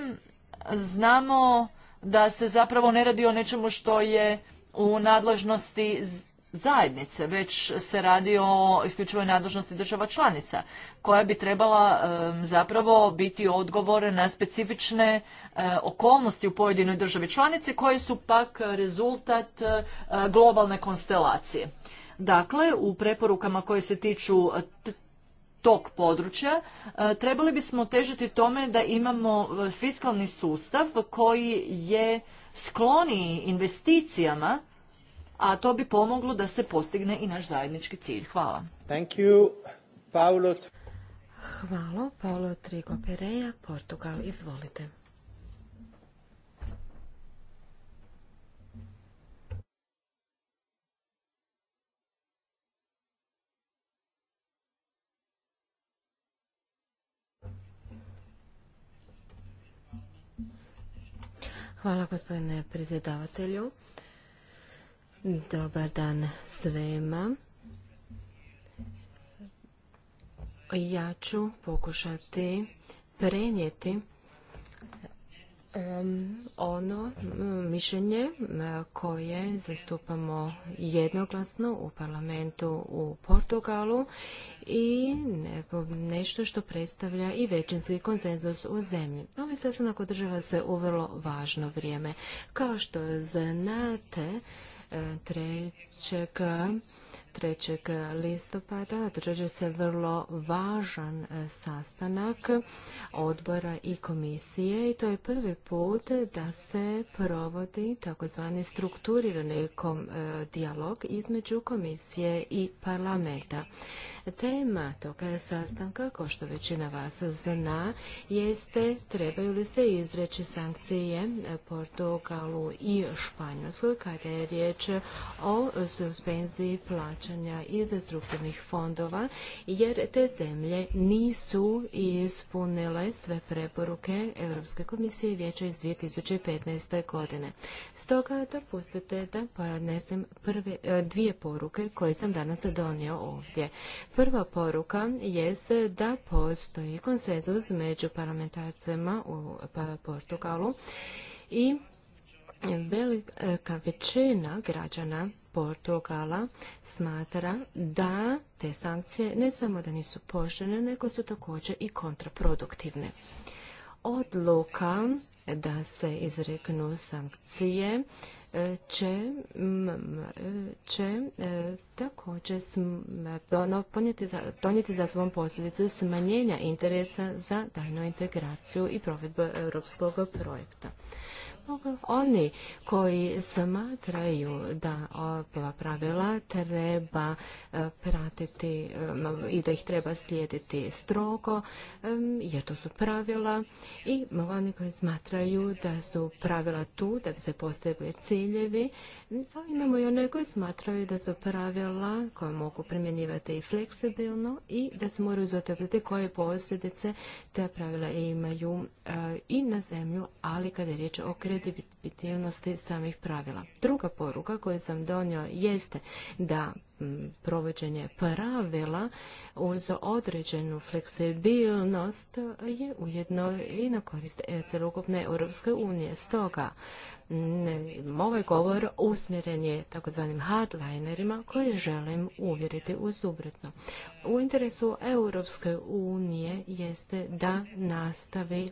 znamo da se zapravo ne radi o nečemu što je u nadležnosti zajednice, već se radi o isključivoj nadležnosti država članica, koja bi trebala zapravo biti odgovor na specifične e, okolnosti u pojedinoj državi članice koje su pak rezultat e, globalne konstelacije. Dakle, u preporukama koje se tiču e, tog područja, trebali bismo težiti tome da imamo fiskalni sustav koji je skloniji investicijama a to bi pomoglo da se postigne i naš zajednički cilj. Hvala. Thank you, Paulo. Hvala, Paolo Trigo Pereja, Portugal, izvolite. Hvala gospodine predsjedavatelju. Dobar dan svema. Ja ću pokušati prenijeti ono mišljenje koje zastupamo jednoglasno u parlamentu u Portugalu i nešto što predstavlja i većinski konsenzus u zemlji. Ovaj sastanak održava se u vrlo važno vrijeme. Kao što znate, E, trećeg 3. listopada održat će se vrlo važan e, sastanak odbora i komisije i to je prvi put da se provodi takozvani strukturirani e, dijalog između komisije i parlamenta. Tema toga sastanka, kao što većina vas zna, jeste trebaju li se izreći sankcije Portugalu i Španjolskoj kada je riječ o suspenziji plaća plaćanja iz strukturnih fondova, jer te zemlje nisu ispunile sve preporuke Europske komisije i vijeća iz 2015. godine. Stoga dopustite da podnesem e, dvije poruke koje sam danas donio ovdje. Prva poruka je da postoji konsenzus među parlamentarcima u pa, Portugalu i velika većina građana Portugala smatra da te sankcije ne samo da nisu poštene, nego su također i kontraproduktivne. Odluka da se izreknu sankcije e, će, e, će e, također donijeti za, svom posljedicu smanjenja interesa za daljnju integraciju i provedbu europskog projekta oni koji smatraju da ova pravila treba e, pratiti e, i da ih treba slijediti strogo, e, jer to su pravila i oni koji smatraju da su pravila tu da bi se postigli ciljevi da, pa imamo i one koji smatraju da su pravila koje mogu primjenjivati i fleksibilno i da se moraju zatopiti koje posljedice te pravila imaju e, i na zemlju, ali kada je riječ o kredibilnosti samih pravila. Druga poruka koju sam donio jeste da provođenje pravila uz određenu fleksibilnost je ujedno i na korist e, celokupne Europske unije. Stoga, Ovaj govor usmjeren je takozvanim hardlinerima koje želim uvjeriti u subretno. U interesu Europske unije jeste da nastavi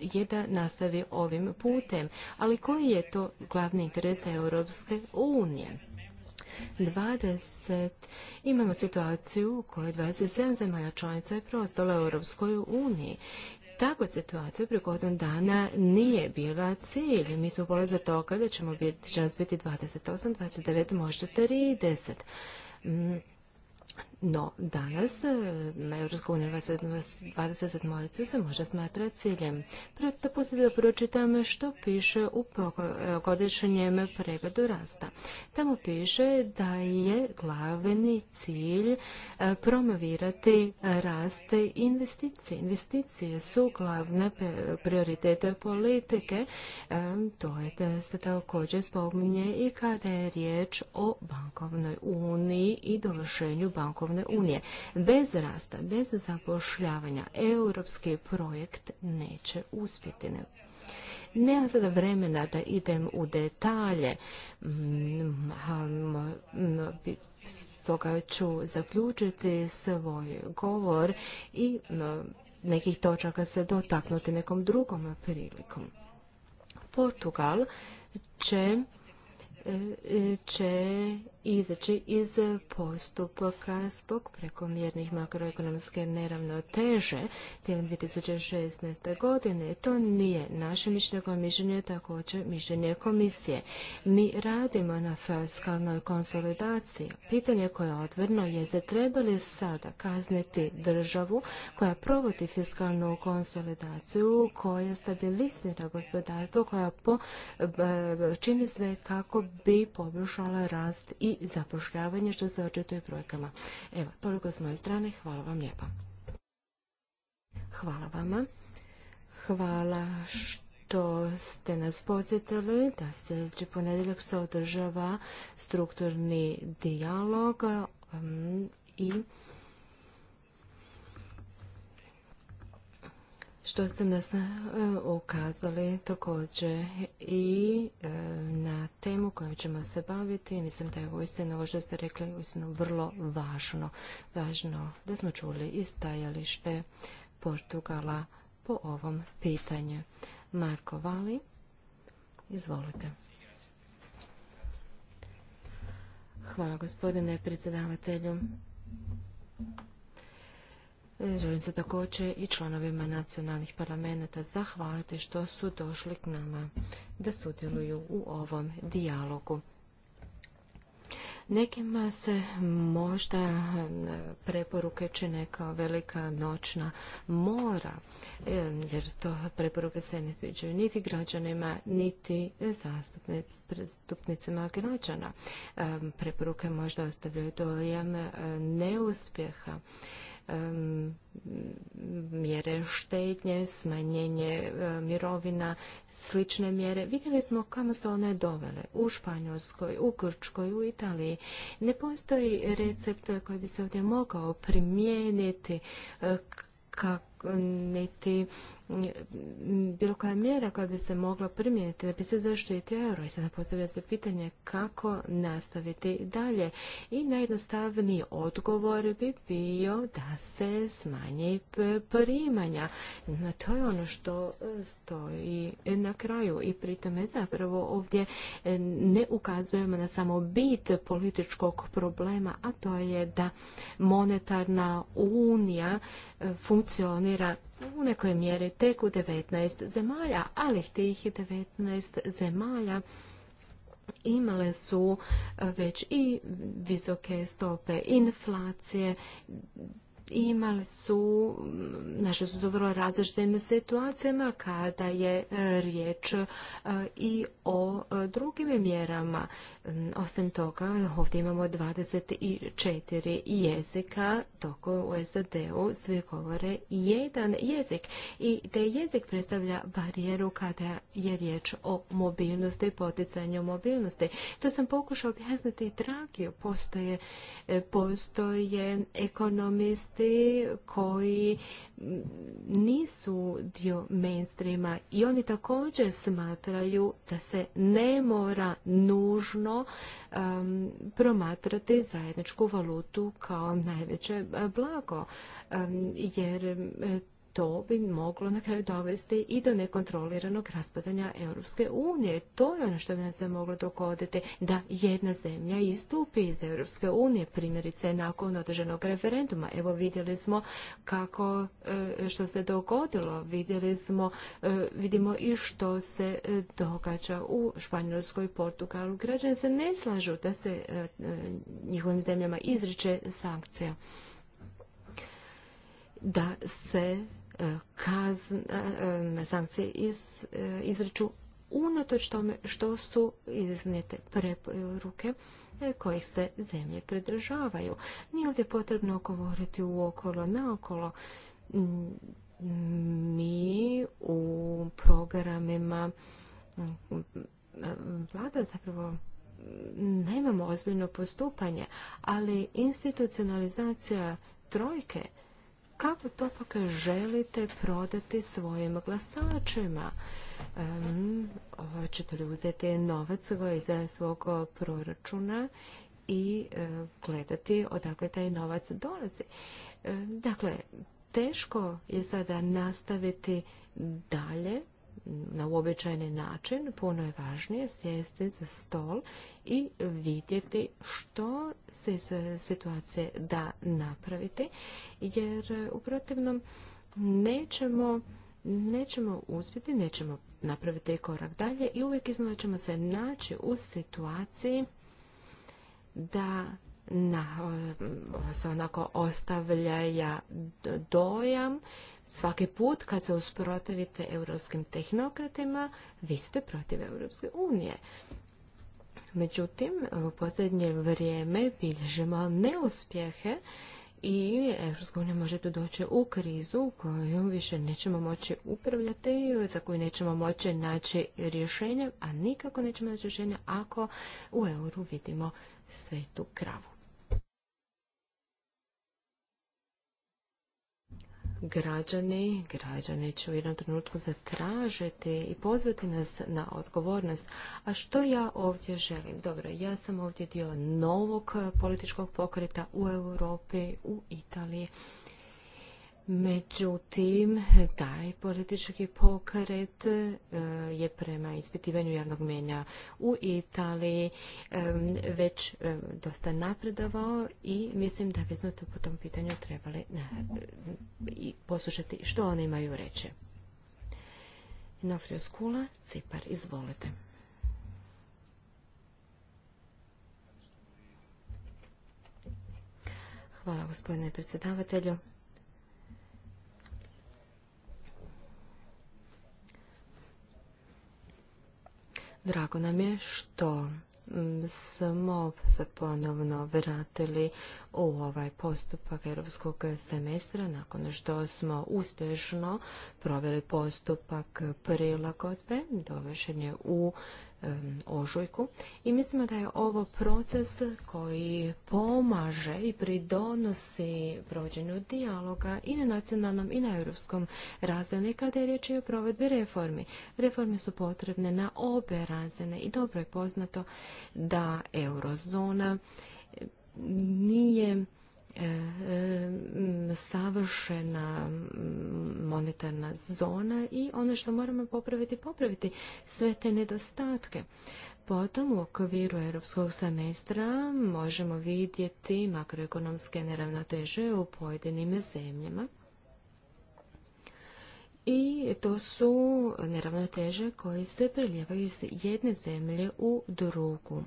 je da nastavi ovim putem. Ali koji je to glavni interes Europske unije? 20. Imamo situaciju u kojoj 27 zemalja članica je preostala u Europskoj uniji Takva situacija prije godinu dana nije bila cilj. Mi smo boli za to kada ćemo biti, će nas biti 28, 29, možda 30. No, danas e, na EU dvadeset 27 se može smatra ciljem. Prvo, da pročitam što piše u e, godišnjem pregledu rasta. Tamo piše da je glavni cilj e, promovirati raste investicije. Investicije su glavne prioritete politike. To je da se također spominje i kada je riječ o bankovnoj uniji i dovršenju bankovne unije. Bez rasta, bez zapošljavanja, europski projekt neće uspjeti. Nemam sada vremena da idem u detalje, mm, mm, stoga ću zaključiti svoj govor i mm, nekih točaka se dotaknuti nekom drugom prilikom. Portugal će e, e, će izaći iz postupka zbog prekomjernih makroekonomske neravnoteže tijekom 2016. godine. To nije naše mišljenje, koje mišljenje također mišljenje komisije. Mi radimo na fiskalnoj konsolidaciji. Pitanje koje je odvrno je za treba li sada kazniti državu koja provodi fiskalnu konsolidaciju, koja stabilizira gospodarstvo, koja po, e, e, čini sve kako bi poboljšala rast i zapošljavanje što se očituje projekama. Evo, toliko s moje strane. Hvala vam lijepa. Hvala vama. Hvala što ste nas podsjetili da se će ponedjeljak se održava strukturni dijalog um, i što ste nas e, ukazali također i e, na temu kojom ćemo se baviti. Mislim da je uistinu ovo što ste rekli uistinu vrlo važno. Važno da smo čuli i stajalište Portugala po ovom pitanju. Marko Vali, izvolite. Hvala gospodine predsjedavatelju. Želim se također i članovima nacionalnih parlamenta zahvaliti što su došli k nama da sudjeluju u ovom dijalogu. Nekima se možda e, preporuke čine kao velika noćna mora, e, jer to preporuke se ne sviđaju niti građanima, niti zastupnicima građana. E, preporuke možda ostavljaju dojem neuspjeha mjere štednje, smanjenje e, mirovina, slične mjere. Vidjeli smo kamo su one dovele. U Španjolskoj, u Grčkoj, u Italiji. Ne postoji recept koji bi se ovdje mogao primijeniti e, kako niti bilo koja mjera koja bi se mogla primijeniti da bi se zaštitio euro. I sada postavlja se pitanje kako nastaviti dalje. I najjednostavniji odgovor bi bio da se smanji primanja. na to je ono što stoji na kraju i pritome zapravo ovdje ne ukazujemo na samo bit političkog problema, a to je da monetarna unija funkcionira u nekoj mjeri tek u 19 zemalja, ali tih 19 zemalja imale su e, već i visoke stope inflacije, imali su, naše su se vrlo različitim situacijama kada je e, riječ e, i o e, drugim mjerama. Mm, osim toga, ovdje imamo 24 jezika, dok u SAD-u svi govore jedan jezik. I te jezik predstavlja barijeru kada je riječ o mobilnosti, poticanju mobilnosti. To sam pokušao objasniti i Dragiju. Postoje, postoje ekonomist, koji nisu dio mainstreama i oni također smatraju da se ne mora nužno um, promatrati zajedničku valutu kao najveće blago, um, jer to bi moglo na kraju dovesti i do nekontroliranog raspadanja Europske unije. To je ono što bi nam se moglo dogoditi da jedna zemlja istupi iz Europske unije, primjerice nakon održanog referenduma. Evo vidjeli smo kako e, što se dogodilo, vidjeli smo, e, vidimo i što se e, događa u Španjolskoj, Portugalu. Građani se ne slažu da se njihovim zemljama izriče sankcija da se E, kazn, e, e, sankcije iz, izreču unatoč tome što su iznijete preporuke kojih se zemlje pridržavaju. Nije ovdje potrebno govoriti uokolo, naokolo. Mm, mi u programima mm, vlada zapravo nemamo ozbiljno postupanje, ali institucionalizacija trojke kako to pak želite prodati svojim glasačima? hoćete li uzeti novac iz svog proračuna i e, gledati odakle taj novac dolazi? dakle, teško je sada nastaviti dalje na uobičajeni način, puno je važnije sjesti za stol i vidjeti što se iz e, situacije da napraviti, jer u protivnom nećemo nećemo uspjeti, nećemo napraviti korak dalje i uvijek iznova ćemo se naći u situaciji da na, e, se onako ostavlja dojam svaki put kad se usprotivite europskim tehnokratima, vi ste protiv Europske unije. Međutim, e, u posljednje vrijeme bilježimo neuspjehe i Europska unija može tu doći u krizu u koju više nećemo moći upravljati, za koju nećemo moći naći rješenje, a nikako nećemo naći rješenje ako u euru vidimo svetu kravu. građani, građani će u jednom trenutku zatražiti i pozvati nas na odgovornost. A što ja ovdje želim? Dobro, ja sam ovdje dio novog političkog pokreta u Europi, u Italiji, Međutim, taj politički pokret e, je prema ispitivanju javnog mjenja u Italiji e, već e, dosta napredovao i mislim da bismo to po tom pitanju trebali poslušati što oni imaju reći. Nofrio Skula, Cipar, izvolite. Hvala gospodine predsjedavatelju. Drago nam je što mm, smo se ponovno vratili u ovaj postupak europskog semestra nakon što smo uspješno proveli postupak prilagodbe dovešenje je u ožujku i mislimo da je ovo proces koji pomaže i pridonosi provođenju dijaloga i na nacionalnom i na europskom razini kada je riječ i o provedbi reformi. Reforme su potrebne na obe razine i dobro je poznato da eurozona nije savršena monetarna zona i ono što moramo popraviti, popraviti sve te nedostatke. Potom u okviru europskog semestra možemo vidjeti makroekonomske neravnoteže u pojedinim zemljama. I to su neravnoteže koje se priljevaju iz jedne zemlje u drugu.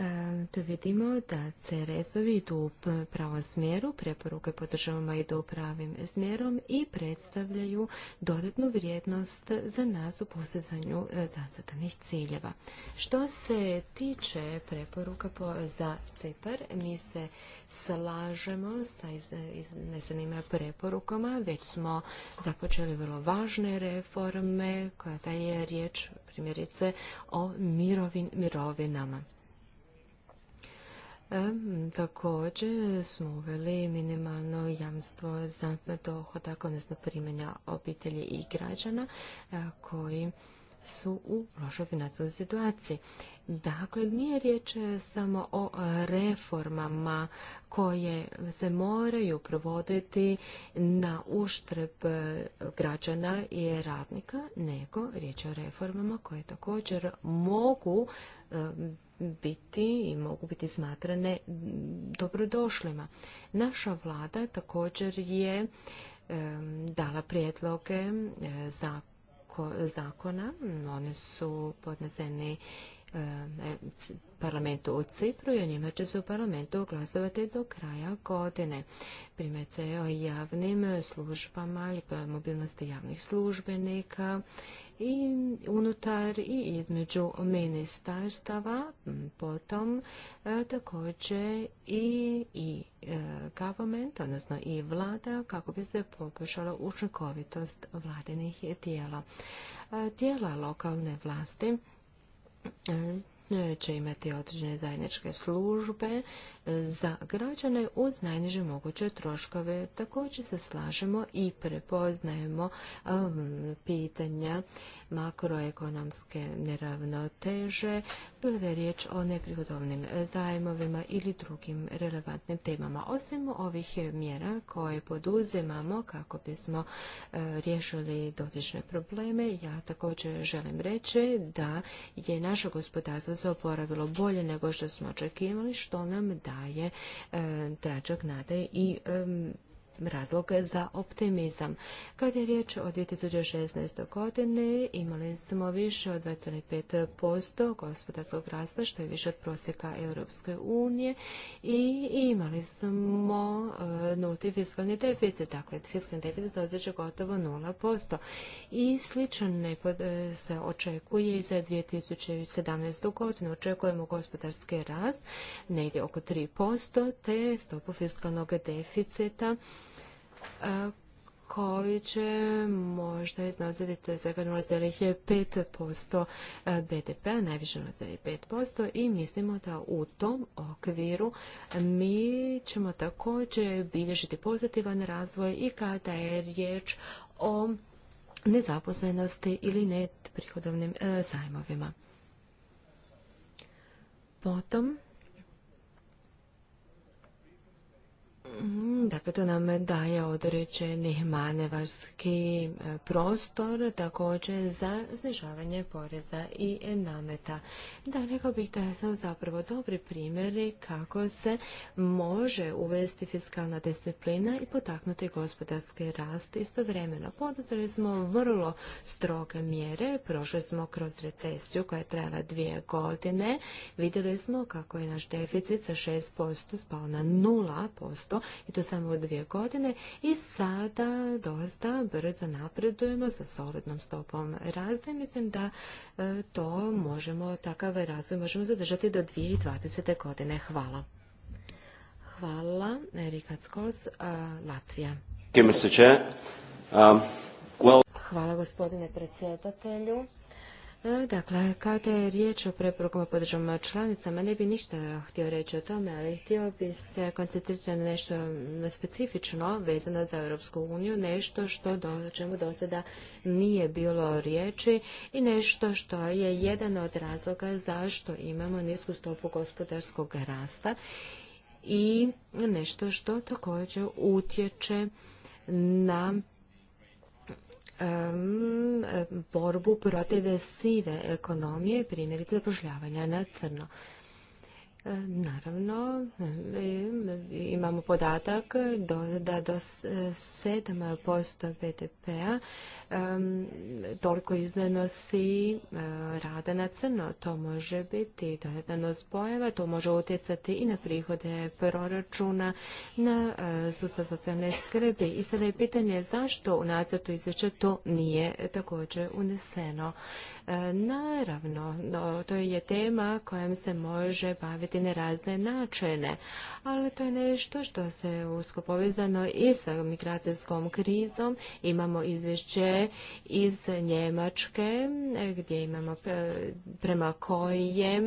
E, tu vidimo da CRS-ovi idu u pravom smjeru, preporuke po državama idu u pravim smjerom i predstavljaju dodatnu vrijednost za nas u posezanju e, zacrtanih ciljeva. Što se tiče preporuka za CEPAR, mi se slažemo sa iznesenim preporukama, već smo započeli vrlo važne reforme kada je riječ primjerice o mirovinama. Također smo uveli minimalno jamstvo za dohodak, odnosno primanja obitelji i građana e, koji su u lošoj financijskoj situaciji. Dakle, nije riječ samo o reformama koje se moraju provoditi na uštreb građana i radnika, nego riječ je o reformama koje također mogu biti i mogu biti smatrane dobrodošlima. Naša vlada također je dala prijedloge zakona. One su podneseni parlamentu u Cipru i o njima će se u parlamentu glasovati do kraja godine. Primjerice o javnim službama, mobilnosti javnih službenika, i unutar i između ministarstava, potom e, također i, i e, government, odnosno i vlada, kako bi se poboljšala učinkovitost vladinih tijela. E, tijela lokalne vlasti će imati određene zajedničke službe za građane uz najniže moguće troškove. Također se slažemo i prepoznajemo um, pitanja makroekonomske neravnoteže, bilo da je riječ o neprihodovnim zajmovima ili drugim relevantnim temama. Osim ovih mjera koje poduzimamo kako bismo e, riješili dotične probleme, ja također želim reći da je naše gospodarstvo se oporavilo bolje nego što smo očekivali, što nam daje e, tračak nade i razlog za optimizam. Kad je riječ o 2016. godine, imali smo više od 2,5% gospodarskog rasta, što je više od prosjeka Europske unije i imali smo e, nulti fiskalni deficit, dakle fiskalni deficit dozdjeće gotovo 0%. I sličan e, se očekuje i za 2017. godinu. Očekujemo gospodarski rast negdje oko 3%, te stopu fiskalnog deficita koji će možda iznositi svega 0,5% bdp p-a, najviše 0,5% i mislimo da u tom okviru mi ćemo također bilježiti pozitivan razvoj i kada je riječ o nezaposlenosti ili net prihodovnim zajmovima. Potom, Mm, dakle, to nam daje određeni manevarski e, prostor također za znižavanje poreza i nameta. Da, rekao bih da su zapravo dobri primjeri kako se može uvesti fiskalna disciplina i potaknuti gospodarski rast istovremeno. Poduzeli smo vrlo stroge mjere, prošli smo kroz recesiju koja je trajala dvije godine, vidjeli smo kako je naš deficit sa 6% spao na 0%, i to samo od dvije godine i sada dosta brzo napredujemo sa solidnom stopom razvoja. Mislim da e, to možemo, takav razvoj možemo zadržati do 2020. godine. Hvala. Hvala, Erika e, Latvija. Um, Hvala gospodine predsjedatelju. E, dakle, kada je riječ o preporukama po državama članicama, ne bi ništa htio reći o tome, ali htio bi se koncentrirati na nešto specifično vezano za Europsku uniju, nešto što do, čemu do sada nije bilo riječi i nešto što je jedan od razloga zašto imamo nisku stopu gospodarskog rasta i nešto što također utječe na borbu protiv sive ekonomije, primjerice zapošljavanja na crno. Naravno, e, imamo podatak da do 7% BDP-a toliko iznenosi e, rada na crno. To može biti dodatno spojeva, to može utjecati i na prihode proračuna, na e, sustav socijalne skrbi. I sada je pitanje zašto u nacrtu izvješća to nije također uneseno. Naravno, to je tema kojom se može baviti razne načine. Ali to je nešto što se usko povezano i sa migracijskom krizom. Imamo izvješće iz Njemačke gdje imamo e, prema kojem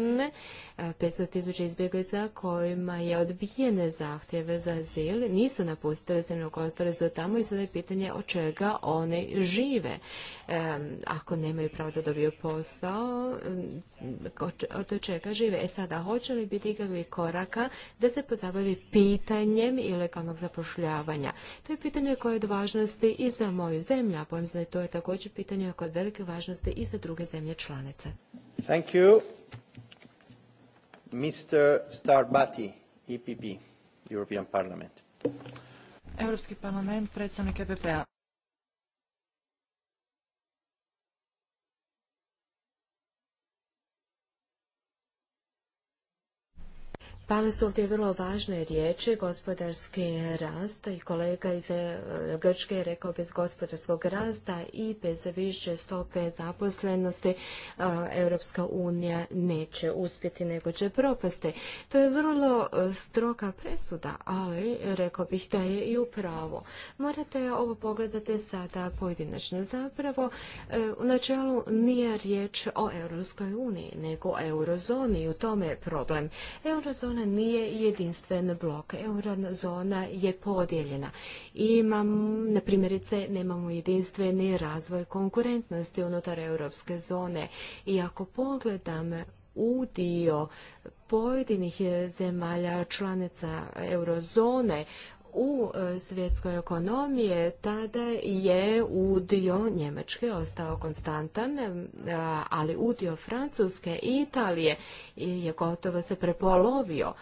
500.000 e, izbjeglica kojima je odbijene zahtjeve za azil nisu napustili zemlju ostali su tamo i sada je pitanje od čega one žive. E, ako nemaju pravo da dobiju posao, od čega žive? E sada, hoće li biti ikakvih koraka da se pozabavi pitanjem ilegalnog zapošljavanja. To je pitanje koje je od važnosti i za moju zemlju, a pojem znači to je također pitanje koje je od velike važnosti i za druge zemlje članice. Thank you. Mr. Starbati, EPP, European Parliament. Europski parlament, predstavnik EPP-a. Pale su ovdje vrlo važne riječi, gospodarski rast i kolega iz e, Grčke je rekao bez gospodarskog rasta i bez više stope zaposlenosti e, Europska unija neće uspjeti nego će propasti. To je vrlo e, stroka presuda, ali rekao bih da je i u pravu. Morate ovo pogledati sada pojedinačno. Zapravo, u načelu nije riječ o Europskoj uniji, nego o eurozoni i u tome je problem. Eurozona nije jedinstven blok. Eurozona je podijeljena. Imam, na primjerice, nemamo jedinstveni razvoj konkurentnosti unutar europske zone. I ako pogledam dio pojedinih zemalja članica eurozone u e, svjetskoj ekonomije tada je udio Njemačke ostao konstantan, e, ali udio Francuske i Italije je gotovo se prepolovio.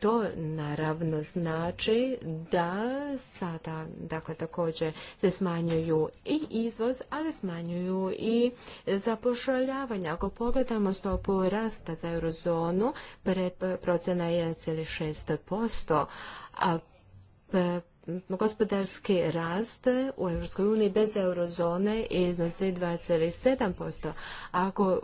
To naravno znači da sada dakle, također se smanjuju i izvoz, ali smanjuju i zapošljavanje. Ako pogledamo stopu rasta za eurozonu, procena je 1,6%, a pa gospodarski rast u EU bez eurozone iznosi 2,7%. Ako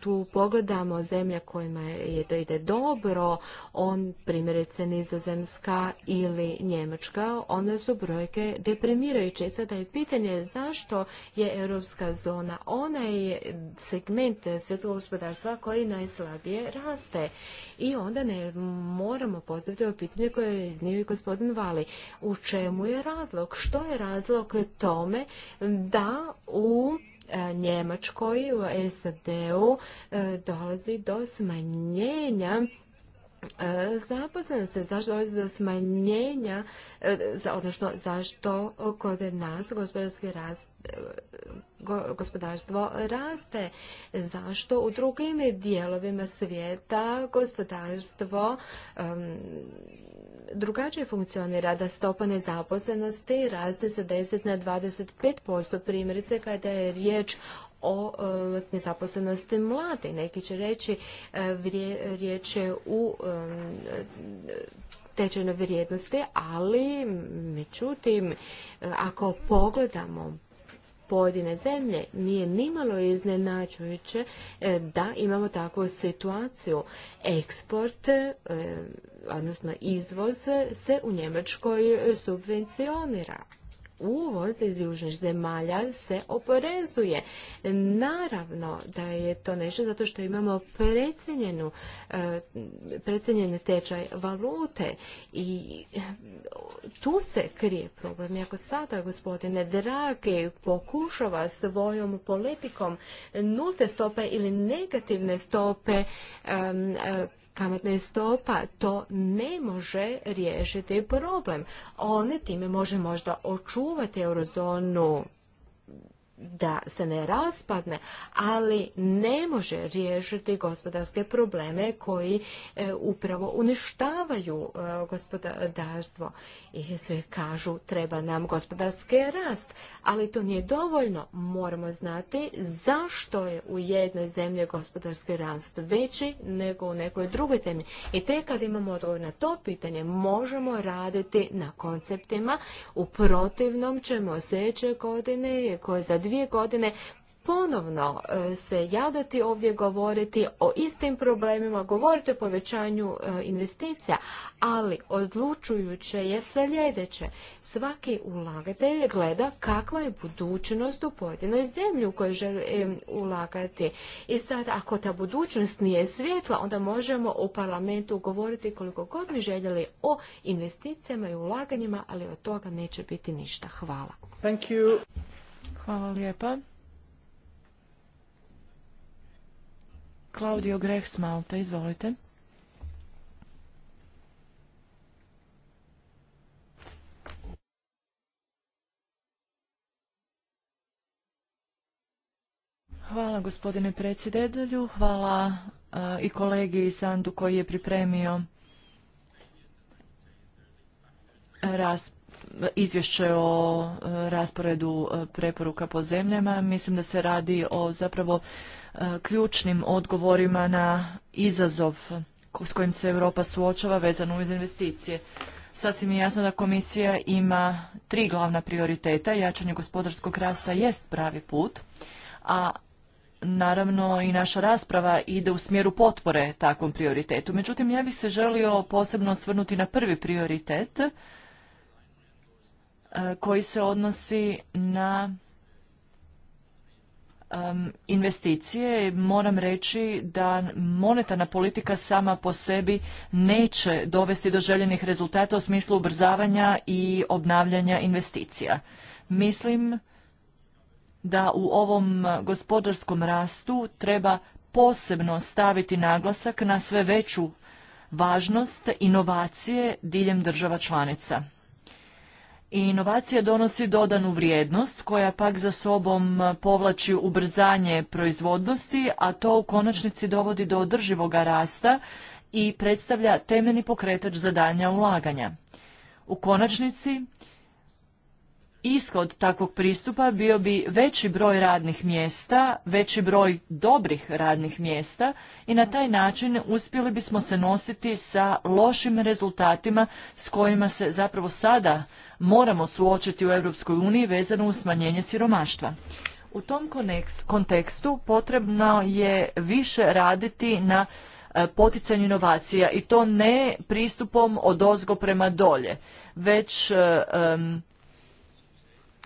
tu pogledamo zemlje kojima je to ide dobro, on primjerice nizozemska ili njemačka, one su brojke deprimirajuće. Sada je pitanje zašto je europska zona onaj segment svjetskog gospodarstva koji najslabije raste. I onda ne moramo postaviti o pitanje koje je iznio i gospodin Vali. U čemu je razlog? Što je razlog tome da u e, Njemačkoj, u SAD-u e, dolazi do smanjenja e, zaposlenosti, zašto dolazi do smanjenja, odnosno zašto kod nas gospodarski rast gospodarstvo raste. Zašto u drugim dijelovima svijeta gospodarstvo drugačije funkcionira da stopa nezaposlenosti raste sa 10 na 25% primjerice kada je riječ o e, nezaposlenosti mlade. Neki će reći e, riječ je u e, tečajnoj vrijednosti, ali međutim, ako pogledamo pojedine zemlje. Nije nimalo iznenađujuće e, da imamo takvu situaciju. Eksport, e, odnosno izvoz, se u Njemačkoj subvencionira uvoz iz južnih zemalja se oporezuje. Naravno da je to nešto zato što imamo precenjenu, e, tečaj valute i tu se krije problem. Iako sada, gospodine Dragi, pokušava svojom politikom nulte stope ili negativne stope e, kamatna stopa to ne može riješiti problem. One time može možda očuvati eurozonu da se ne raspadne, ali ne može riješiti gospodarske probleme koji e, upravo uništavaju e, gospodarstvo. I sve kažu treba nam gospodarski rast, ali to nije dovoljno. Moramo znati zašto je u jednoj zemlji gospodarski rast veći nego u nekoj drugoj zemlji. I te kad imamo odgovor na to pitanje, možemo raditi na konceptima. U protivnom ćemo sljedeće godine koje za dvije godine ponovno e, se jadati ovdje govoriti o istim problemima, govoriti o povećanju e, investicija, ali odlučujuće je sljedeće. Svaki ulagatelj gleda kakva je budućnost u pojedinoj zemlji u kojoj želi e, ulagati. I sad, ako ta budućnost nije svjetla, onda možemo u parlamentu govoriti koliko god mi željeli o investicijama i ulaganjima, ali od toga neće biti ništa. Hvala. Thank you. Hvala lijepa. Claudio Greh izvolite. Hvala gospodine predsjedelju, hvala e, i kolegi Sandu koji je pripremio raspravu izvješće o e, rasporedu e, preporuka po zemljama. Mislim da se radi o zapravo e, ključnim odgovorima na izazov s kojim se Europa suočava vezano uz investicije. Sasvim je jasno da komisija ima tri glavna prioriteta. Jačanje gospodarskog rasta jest pravi put, a naravno i naša rasprava ide u smjeru potpore takvom prioritetu. Međutim, ja bih se želio posebno osvrnuti na prvi prioritet, E, koji se odnosi na investicije moram reći da monetarna politika sama po sebi neće dovesti do željenih rezultata u smislu ubrzavanja i obnavljanja investicija. Mislim da u ovom gospodarskom rastu treba posebno staviti naglasak na sve veću važnost inovacije diljem država članica. Inovacija donosi dodanu vrijednost koja pak za sobom povlači ubrzanje proizvodnosti, a to u konačnici dovodi do održivoga rasta i predstavlja temeljni pokretač za daljnja ulaganja. U konačnici, ishod takvog pristupa bio bi veći broj radnih mjesta, veći broj dobrih radnih mjesta i na taj način uspjeli bismo se nositi sa lošim rezultatima s kojima se zapravo sada moramo suočiti u Europskoj uniji vezano uz smanjenje siromaštva. U tom kontekstu potrebno je više raditi na e, poticanju inovacija i to ne pristupom od ozgo prema dolje, već e,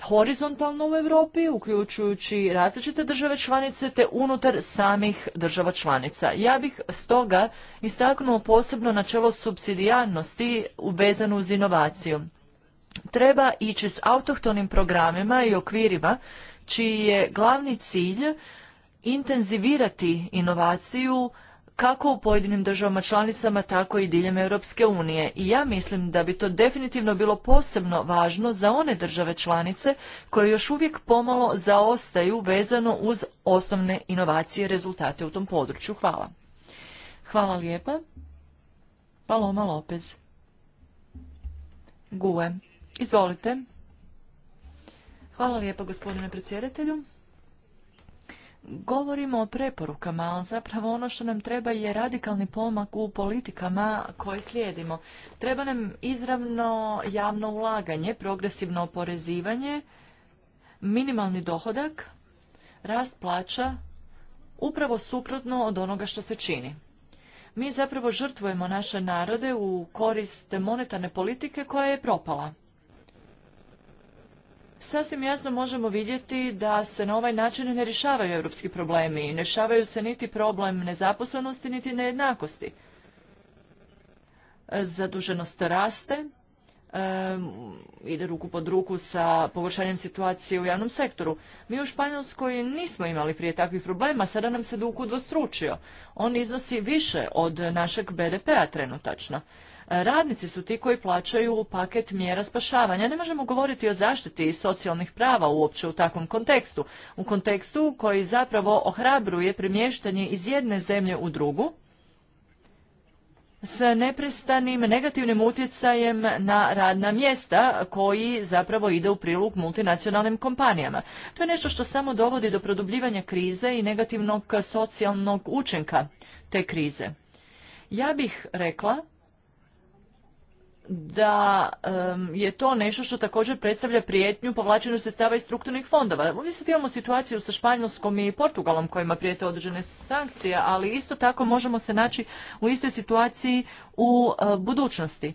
horizontalno u Europi, uključujući različite države članice te unutar samih država članica. Ja bih stoga istaknuo posebno načelo subsidijarnosti vezanu uz inovaciju. Treba ići s autohtonim programima i okvirima čiji je glavni cilj intenzivirati inovaciju kako u pojedinim državama članicama, tako i diljem Europske unije. I ja mislim da bi to definitivno bilo posebno važno za one države članice koje još uvijek pomalo zaostaju vezano uz osnovne inovacije i rezultate u tom području. Hvala. Hvala lijepa. Paloma Lopez. Gue. Izvolite. Hvala lijepa gospodine predsjedatelju. Govorimo o preporukama, ali zapravo ono što nam treba je radikalni pomak u politikama koje slijedimo. Treba nam izravno javno ulaganje, progresivno oporezivanje, minimalni dohodak, rast plaća, upravo suprotno od onoga što se čini. Mi zapravo žrtvujemo naše narode u korist monetarne politike koja je propala sasvim jasno možemo vidjeti da se na ovaj način ne rješavaju europski problemi. Ne rješavaju se niti problem nezaposlenosti, niti nejednakosti. E, zaduženost raste, e, ide ruku pod ruku sa pogoršanjem situacije u javnom sektoru. Mi u Španjolskoj nismo imali prije takvih problema, sada nam se dug udvostručio. On iznosi više od našeg BDP-a trenutačno. Radnici su ti koji plaćaju paket mjera spašavanja. Ne možemo govoriti o zaštiti socijalnih prava uopće u takvom kontekstu. U kontekstu koji zapravo ohrabruje premještanje iz jedne zemlje u drugu, s neprestanim negativnim utjecajem na radna mjesta koji zapravo ide u prilog multinacionalnim kompanijama. To je nešto što samo dovodi do produbljivanja krize i negativnog socijalnog učenka te krize. Ja bih rekla da je to nešto što također predstavlja prijetnju povlačenju sredstava iz strukturnih fondova. Ovdje sad imamo situaciju sa Španjolskom i Portugalom kojima prijete određene sankcije, ali isto tako možemo se naći u istoj situaciji u e, budućnosti.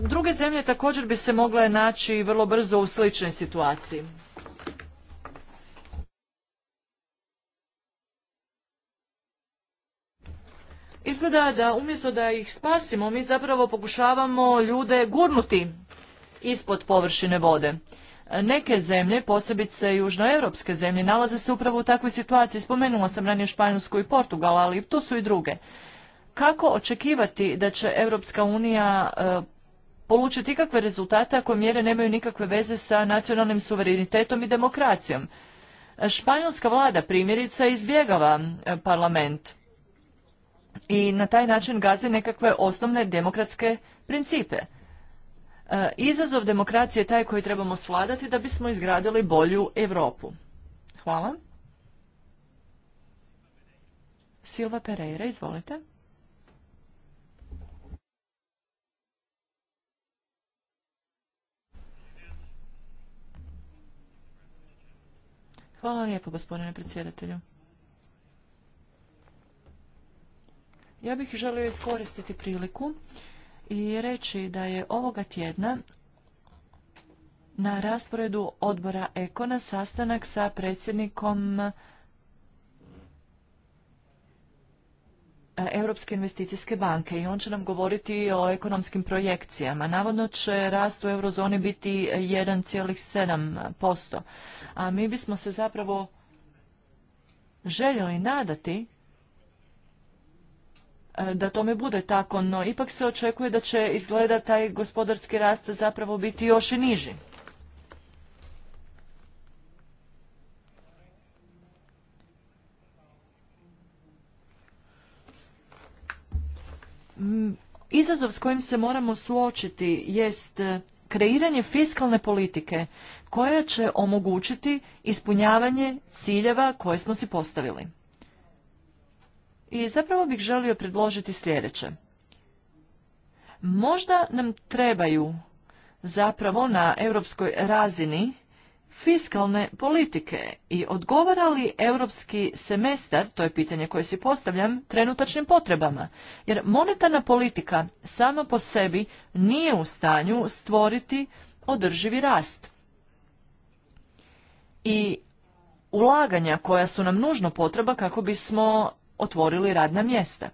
Druge zemlje također bi se mogle naći vrlo brzo u sličnoj situaciji. Izgleda da umjesto da ih spasimo, mi zapravo pokušavamo ljude gurnuti ispod površine vode. Neke zemlje, posebice južnoevropske zemlje, nalaze se upravo u takvoj situaciji. Spomenula sam ranije Španjolsku i Portugal, ali tu su i druge. Kako očekivati da će Europska unija e, polučiti ikakve rezultate ako mjere nemaju nikakve veze sa nacionalnim suverenitetom i demokracijom? Španjolska vlada primjerica, izbjegava e, parlament i na taj način gazi nekakve osnovne demokratske principe. E, izazov demokracije je taj koji trebamo svladati da bismo izgradili bolju Europu. Hvala. Silva Pereira, izvolite. Hvala lijepo, gospodine predsjedatelju. Ja bih želio iskoristiti priliku i reći da je ovoga tjedna na rasporedu odbora Ekona sastanak sa predsjednikom e, Europske investicijske banke i on će nam govoriti o ekonomskim projekcijama. Navodno će rast u eurozoni biti 1,7%, a mi bismo se zapravo željeli nadati E, da tome bude tako, no ipak se očekuje da će izgleda taj gospodarski rast zapravo biti još i niži. Mm, izazov s kojim se moramo suočiti jest e, kreiranje fiskalne politike koja će omogućiti ispunjavanje ciljeva koje smo si postavili. I zapravo bih želio predložiti sljedeće. Možda nam trebaju zapravo na europskoj razini fiskalne politike i odgovara li europski semestar, to je pitanje koje si postavljam, trenutačnim potrebama. Jer monetarna politika sama po sebi nije u stanju stvoriti održivi rast. I ulaganja koja su nam nužno potreba kako bismo otvorili radna mjesta.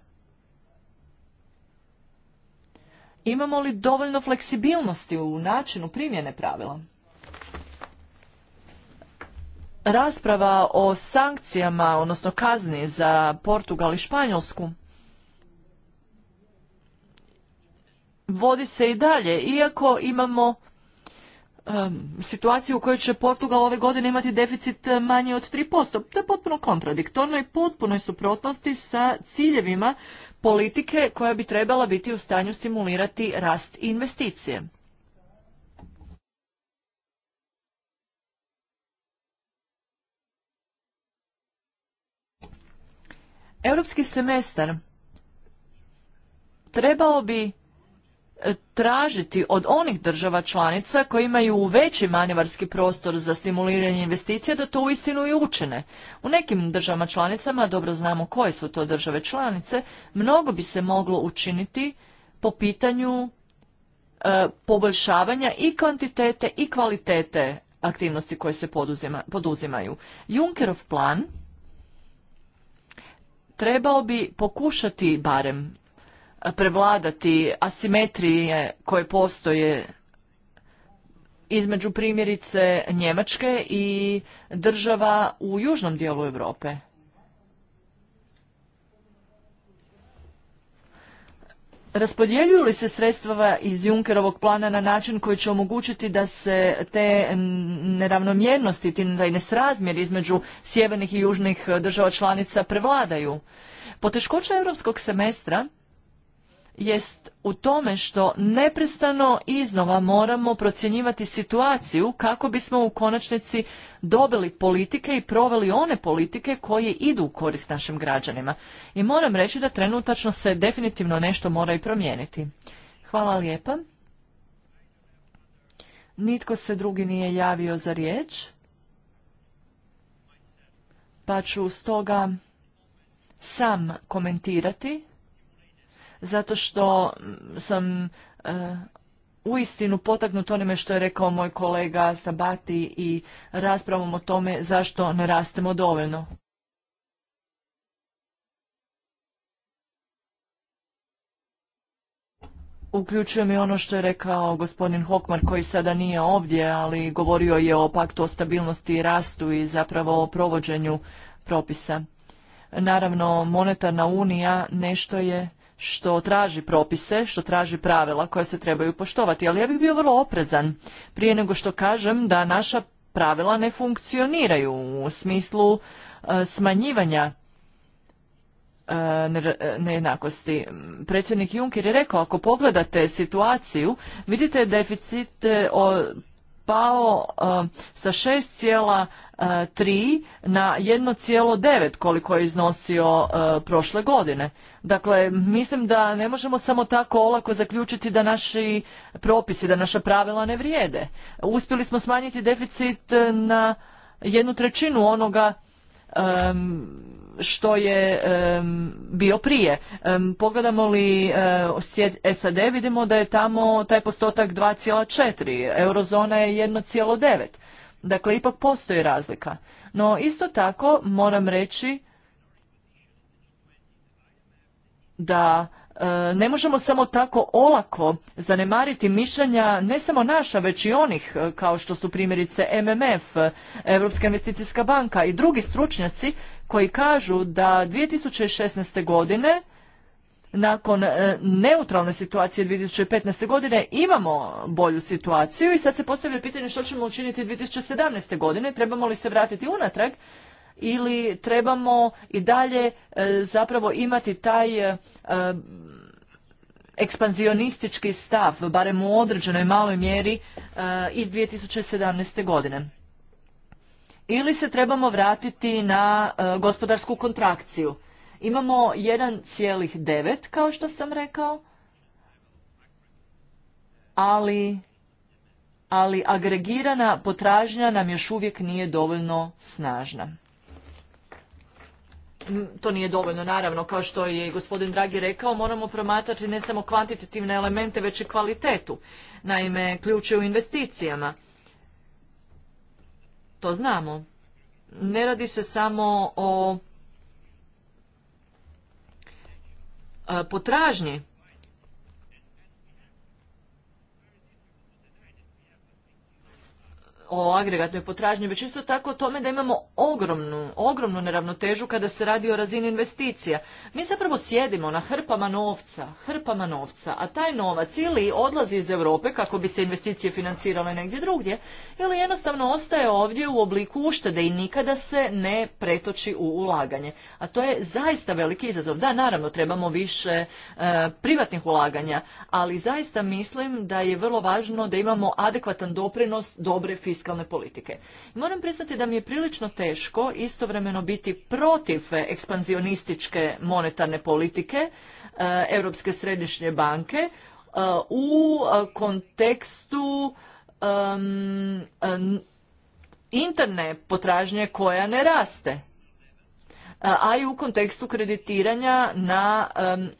Imamo li dovoljno fleksibilnosti u načinu primjene pravila? Rasprava o sankcijama, odnosno kazni za Portugal i Španjolsku, vodi se i dalje, iako imamo situaciju u kojoj će Portugal ove godine imati deficit manji od 3%. To je potpuno kontradiktorno i potpuno je suprotnosti sa ciljevima politike koja bi trebala biti u stanju stimulirati rast investicije. Europski semestar trebao bi tražiti od onih država članica koji imaju veći manevarski prostor za stimuliranje investicija da to uistinu i učene. U nekim državama članicama, dobro znamo koje su to države članice, mnogo bi se moglo učiniti po pitanju e, poboljšavanja i kvantitete i kvalitete aktivnosti koje se poduzima, poduzimaju. Junkerov plan trebao bi pokušati barem prevladati asimetrije koje postoje između primjerice Njemačke i država u južnom dijelu Europe. Raspodjeljuju li se sredstva iz Junkerovog plana na način koji će omogućiti da se te neravnomjernosti, taj nesrazmjer između sjevernih i južnih država članica prevladaju? Poteškoća europskog semestra jest u tome što neprestano iznova moramo procjenjivati situaciju kako bismo u konačnici dobili politike i proveli one politike koje idu u korist našim građanima. I moram reći da trenutačno se definitivno nešto mora i promijeniti. Hvala lijepa. Nitko se drugi nije javio za riječ. Pa ću stoga sam komentirati zato što sam e, u istinu potaknut onime što je rekao moj kolega Sabati i raspravom o tome zašto ne rastemo dovoljno. Uključujem i ono što je rekao gospodin Hokmar koji sada nije ovdje, ali govorio je o paktu o stabilnosti i rastu i zapravo o provođenju propisa. Naravno, monetarna unija nešto je što traži propise, što traži pravila koje se trebaju poštovati. Ali ja bih bio vrlo oprezan prije nego što kažem da naša pravila ne funkcioniraju u smislu e, smanjivanja e, nejednakosti. Predsjednik Juncker je rekao, ako pogledate situaciju, vidite deficit e, pao sa 3 na 1,9 koliko je iznosio e, prošle godine. Dakle, mislim da ne možemo samo tako olako zaključiti da naši propisi, da naša pravila ne vrijede. Uspjeli smo smanjiti deficit na jednu trećinu onoga što je bio prije. pogledamo li e, SAD, vidimo da je tamo taj postotak 2,4, eurozona je 1,9. Dakle, ipak postoji razlika. No, isto tako moram reći da e, ne možemo samo tako olako zanemariti mišljenja ne samo naša, već i onih e, kao što su primjerice MMF, Europska investicijska banka i drugi stručnjaci koji kažu da 2016. godine nakon e, neutralne situacije 2015. godine imamo bolju situaciju i sad se postavlja pitanje što ćemo učiniti 2017. godine, trebamo li se vratiti unatrag ili trebamo i dalje e, zapravo imati taj e, ekspanzionistički stav, barem u određenoj maloj mjeri, iz 2017. godine. Ili se trebamo vratiti na gospodarsku kontrakciju. Imamo 1,9 kao što sam rekao, ali, ali agregirana potražnja nam još uvijek nije dovoljno snažna. To nije dovoljno, naravno, kao što je i gospodin Dragi rekao, moramo promatrati ne samo kvantitativne elemente, već i kvalitetu. Naime, ključ je u investicijama. To znamo. Ne radi se samo o potražnje o agregatnoj potražnji, već isto tako o tome da imamo ogromnu, ogromnu neravnotežu kada se radi o razini investicija. Mi zapravo sjedimo na hrpama novca, hrpama novca, a taj novac ili odlazi iz Europe kako bi se investicije financirale negdje drugdje, ili jednostavno ostaje ovdje u obliku uštede i nikada se ne pretoči u ulaganje. A to je zaista veliki izazov. Da, naravno, trebamo više e, privatnih ulaganja, ali zaista mislim da je vrlo važno da imamo adekvatan doprinos dobre fiskalne fiskalne politike. Moram priznati da mi je prilično teško istovremeno biti protiv ekspanzionističke monetarne politike e, Europske središnje banke e, u kontekstu interne potražnje koja ne raste e, a i u kontekstu kreditiranja na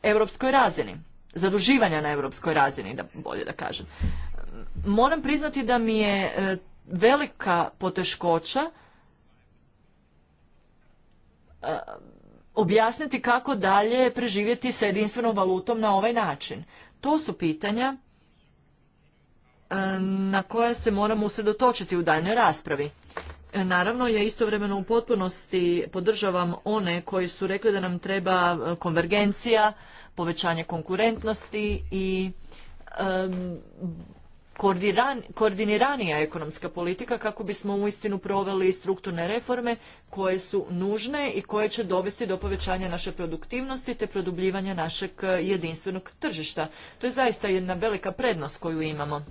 europskoj razini, zaduživanja na europskoj razini, da bolje da kažem. Moram priznati da mi je velika poteškoća e, objasniti kako dalje preživjeti sa jedinstvenom valutom na ovaj način. To su pitanja e, na koja se moramo usredotočiti u daljnjoj raspravi. E, naravno, ja istovremeno u potpunosti podržavam one koji su rekli da nam treba konvergencija, povećanje konkurentnosti i koordiniranija ekonomska politika kako bismo uistinu proveli strukturne reforme koje su nužne i koje će dovesti do povećanja naše produktivnosti te produbljivanja našeg jedinstvenog tržišta. To je zaista jedna velika prednost koju imamo.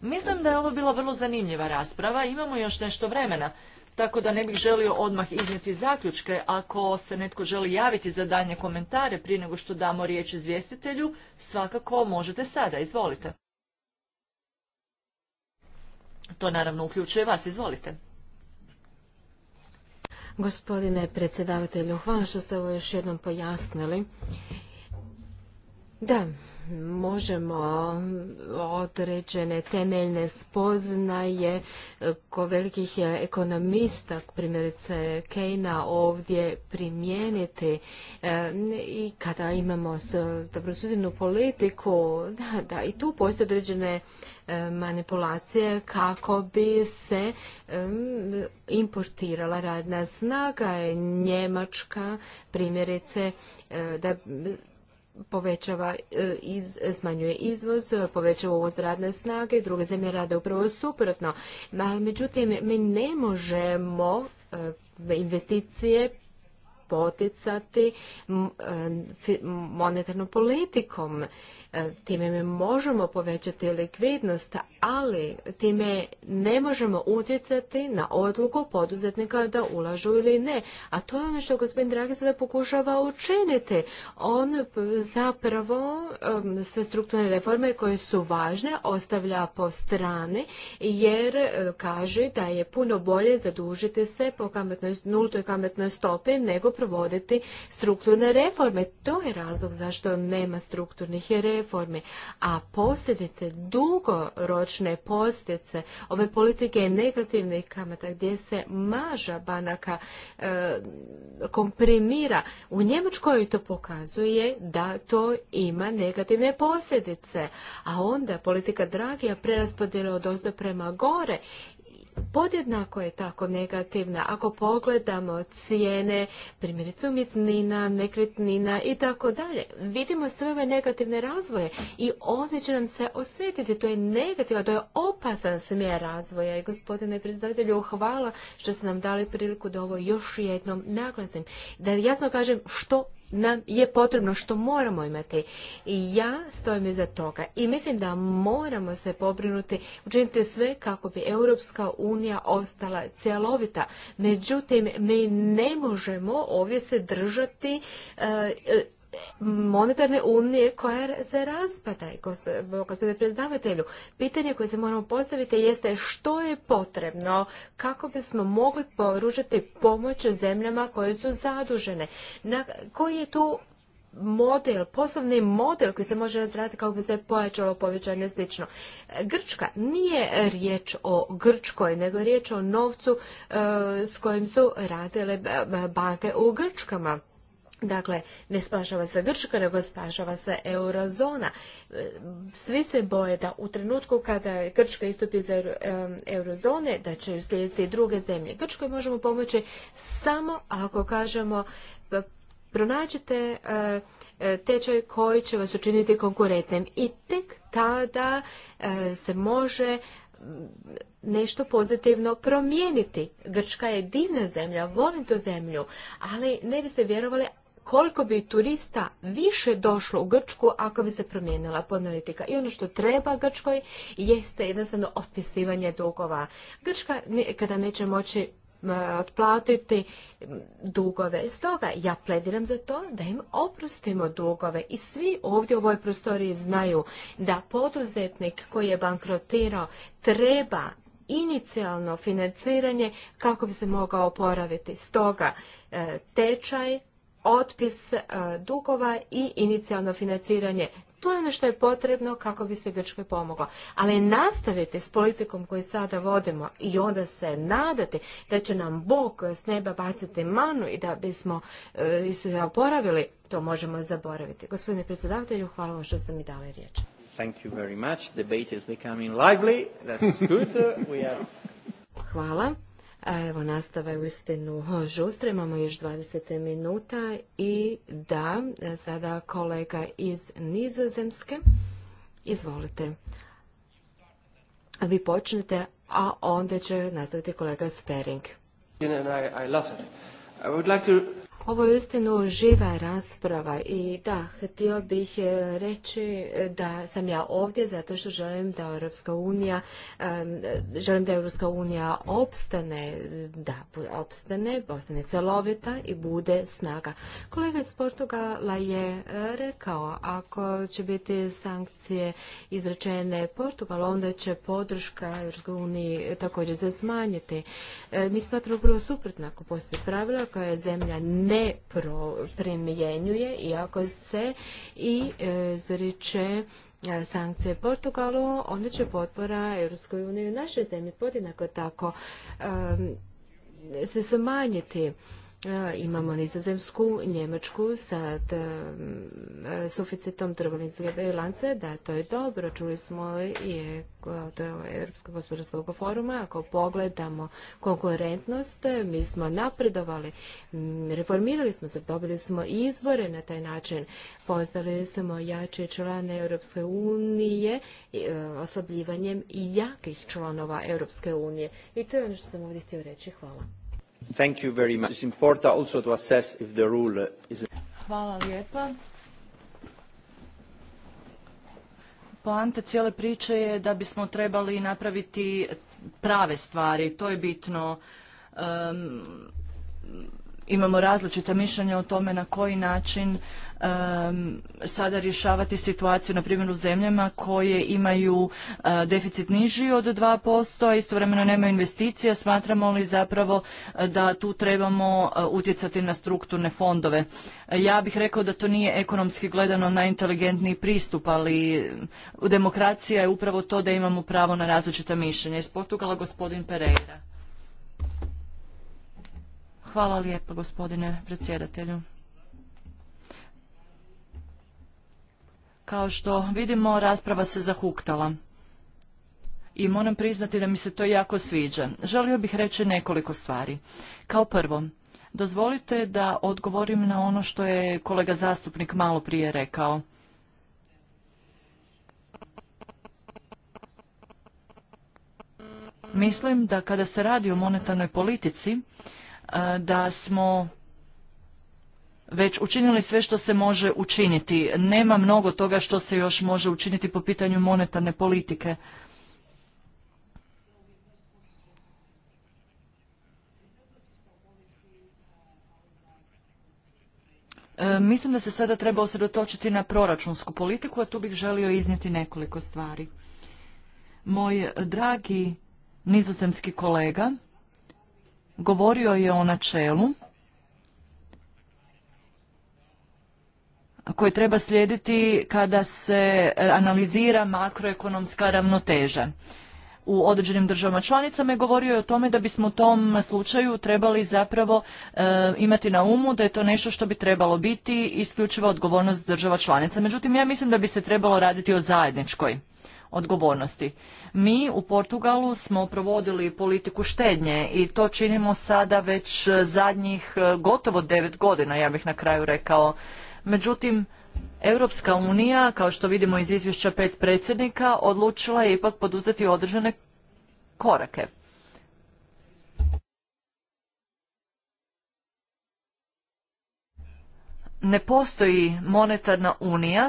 Mislim da je ovo bila vrlo zanimljiva rasprava. Imamo još nešto vremena, tako da ne bih želio odmah iznijeti zaključke. Ako se netko želi javiti za daljnje komentare prije nego što damo riječ izvjestitelju, svakako možete sada. Izvolite. To naravno uključuje vas, izvolite. Gospodine predsjedavatelju, hvala što ste ovo još jednom pojasnili. Da, možemo određene temeljne spoznaje e, ko velikih ekonomista, primjerice Kejna, ovdje primijeniti. E, I kada imamo dobrosuzivnu politiku, da, da, i tu postoje određene e, manipulacije kako bi se importirala radna snaga. Njemačka, primjerice, da povećava, e, iz, smanjuje izvoz, povećava uvoz radne snage, druge zemlje rade upravo suprotno. međutim, mi ne možemo e, investicije poticati e, monetarnom politikom. E, time mi možemo povećati likvidnost, ali time ne možemo utjecati na odluku poduzetnika da ulažu ili ne. A to je ono što gospodin Dragi sada pokušava učiniti. On zapravo sve strukturne reforme koje su važne ostavlja po strani jer e, kaže da je puno bolje zadužiti se po nultoj kametnoj stopi nego provoditi strukturne reforme. To je razlog zašto nema strukturnih reformi reformi, a posljedice, dugoročne posljedice ove politike negativnih kamata gdje se maža banaka e, komprimira, u Njemačkoj to pokazuje da to ima negativne posljedice, a onda politika Dragija preraspodjela od prema gore podjednako je tako negativna. Ako pogledamo cijene, primjerice umjetnina, nekretnina i tako dalje, vidimo sve ove negativne razvoje i ovdje će nam se osjetiti. To je negativa, to je opasan smjer razvoja. I gospodine predstavitelju, hvala što ste nam dali priliku da ovo još jednom naglasim. Da jasno kažem što nam je potrebno, što moramo imati. I ja stojim iza toga. I mislim da moramo se pobrinuti, učiniti sve kako bi Europska unija ostala cjelovita. Međutim, mi ne možemo ovdje se držati e, e, monetarne unije koja se raspada, gospodine predsjedavatelju. Pitanje koje se moramo postaviti jeste što je potrebno kako bismo mogli poružiti pomoć zemljama koje su zadužene. Na, koji je tu model, poslovni model koji se može razraditi kako bi se pojačalo povećanje slično. Grčka nije riječ o Grčkoj, nego riječ o novcu e, s kojim su radile e, banke u Grčkama. Dakle, ne spašava se Grčka, nego spašava se eurozona. E, svi se boje da u trenutku kada Grčka istupi iz e, eurozone, da će slijediti druge zemlje. Grčkoj možemo pomoći samo ako kažemo pronađite e, tečaj koji će vas učiniti konkurentnim i tek tada se može nešto pozitivno promijeniti. Grčka je divna zemlja, volim tu zemlju, ali ne biste vjerovali koliko bi turista više došlo u Grčku ako bi se promijenila politika. I ono što treba Grčkoj jeste jednostavno otpisivanje dugova. Grčka kada neće moći otplatiti dugove. Stoga ja plediram za to da im oprostimo dugove i svi ovdje u ovoj prostoriji znaju da poduzetnik koji je bankrotirao treba inicijalno financiranje kako bi se mogao oporaviti. Stoga e, tečaj otpis e, dugova i inicijalno financiranje. To je ono što je potrebno kako bi se Grčkoj pomoglo. Ali nastaviti s politikom koju sada vodimo i onda se nadati da će nam Bog s neba baciti manu i da bismo e, se oporavili, to možemo zaboraviti. Gospodine predsjedavatelju, hvala vam što ste mi dali riječ. Hvala. Evo, nastava je istinu žustra, imamo još 20 minuta i da, sada kolega iz Nizozemske, izvolite. Vi počnete, a onda će nastaviti kolega Spering. I love it. I would like to ovo je istinu živa rasprava i da, htio bih eh, reći eh, da sam ja ovdje zato što želim da Europska unija, želim da Europska unija opstane, da opstane, postane celovita i bude snaga. Kolega iz Portugala je eh, rekao, ako će biti sankcije izrečene Portugalu, onda će podrška Europskoj uniji također se smanjiti. Mi smatramo prvo suprotno, ako postoji pravila koja je zemlja ne ne primjenjuje i ako se i e, izriče e, sankcije Portugalu, onda će potpora Europskoj uniji u našoj zemlji podjednako tako e, se smanjiti. E, imamo nizozemsku, njemačku sa e, suficitom trgovinske bilance, da to je dobro. Čuli smo i e, od Europskog gospodarskog foruma, ako pogledamo konkurentnost, mi smo napredovali, reformirali smo se, dobili smo izbore na taj način, poznali smo jače člane Europske unije, oslabljivanjem jakih članova Europske unije. I to je ono što sam ovdje htio reći. Hvala. Hvala lijepa. Poanta cijele priče je da bismo trebali napraviti prave stvari. To je bitno. imamo različita mišljenja o tome na koji način um, sada rješavati situaciju na primjer u zemljama koje imaju e, deficit niži od 2%, a istovremeno nemaju investicija, smatramo li zapravo e, da tu trebamo e, utjecati na strukturne fondove. Ja bih rekao da to nije ekonomski gledano najinteligentniji pristup, ali demokracija je upravo to da imamo pravo na različita mišljenja. Iz Portugala gospodin Pereira. Hvala lijepo gospodine predsjedatelju. Kao što vidimo, rasprava se zahuktala. I moram priznati da mi se to jako sviđa. Želio bih reći nekoliko stvari. Kao prvo, dozvolite da odgovorim na ono što je kolega zastupnik malo prije rekao. Mislim da kada se radi o monetarnoj politici, da smo već učinili sve što se može učiniti. Nema mnogo toga što se još može učiniti po pitanju monetarne politike. E, mislim da se sada treba osredotočiti na proračunsku politiku, a tu bih želio iznijeti nekoliko stvari. Moj dragi nizozemski kolega govorio je o načelu koje treba slijediti kada se analizira makroekonomska ravnoteža u određenim državama članicama i govorio je o tome da bismo u tom slučaju trebali zapravo e, imati na umu da je to nešto što bi trebalo biti isključiva odgovornost država članica. Međutim, ja mislim da bi se trebalo raditi o zajedničkoj odgovornosti. Mi u Portugalu smo provodili politiku štednje i to činimo sada već zadnjih e, gotovo devet godina, ja bih na kraju rekao Međutim, Europska unija, kao što vidimo iz izvješća pet predsjednika, odlučila je ipak poduzeti održane korake. Ne postoji monetarna unija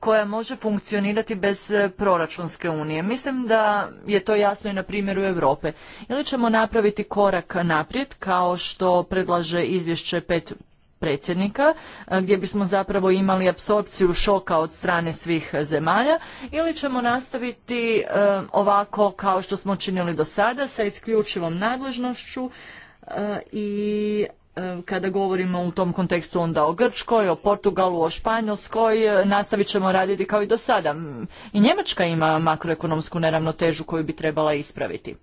koja može funkcionirati bez e, proračunske unije. Mislim da je to jasno i na primjeru Europe. Ili ćemo napraviti korak naprijed kao što predlaže izvješće pet predsjednika e, gdje bismo zapravo imali apsorpciju šoka od strane svih zemalja ili ćemo nastaviti e, ovako kao što smo činili do sada sa isključivom nadležnošću e, i kada govorimo u tom kontekstu onda o Grčkoj, o Portugalu, o Španjolskoj, nastavit ćemo raditi kao i do sada. I Njemačka ima makroekonomsku neravnotežu koju bi trebala ispraviti.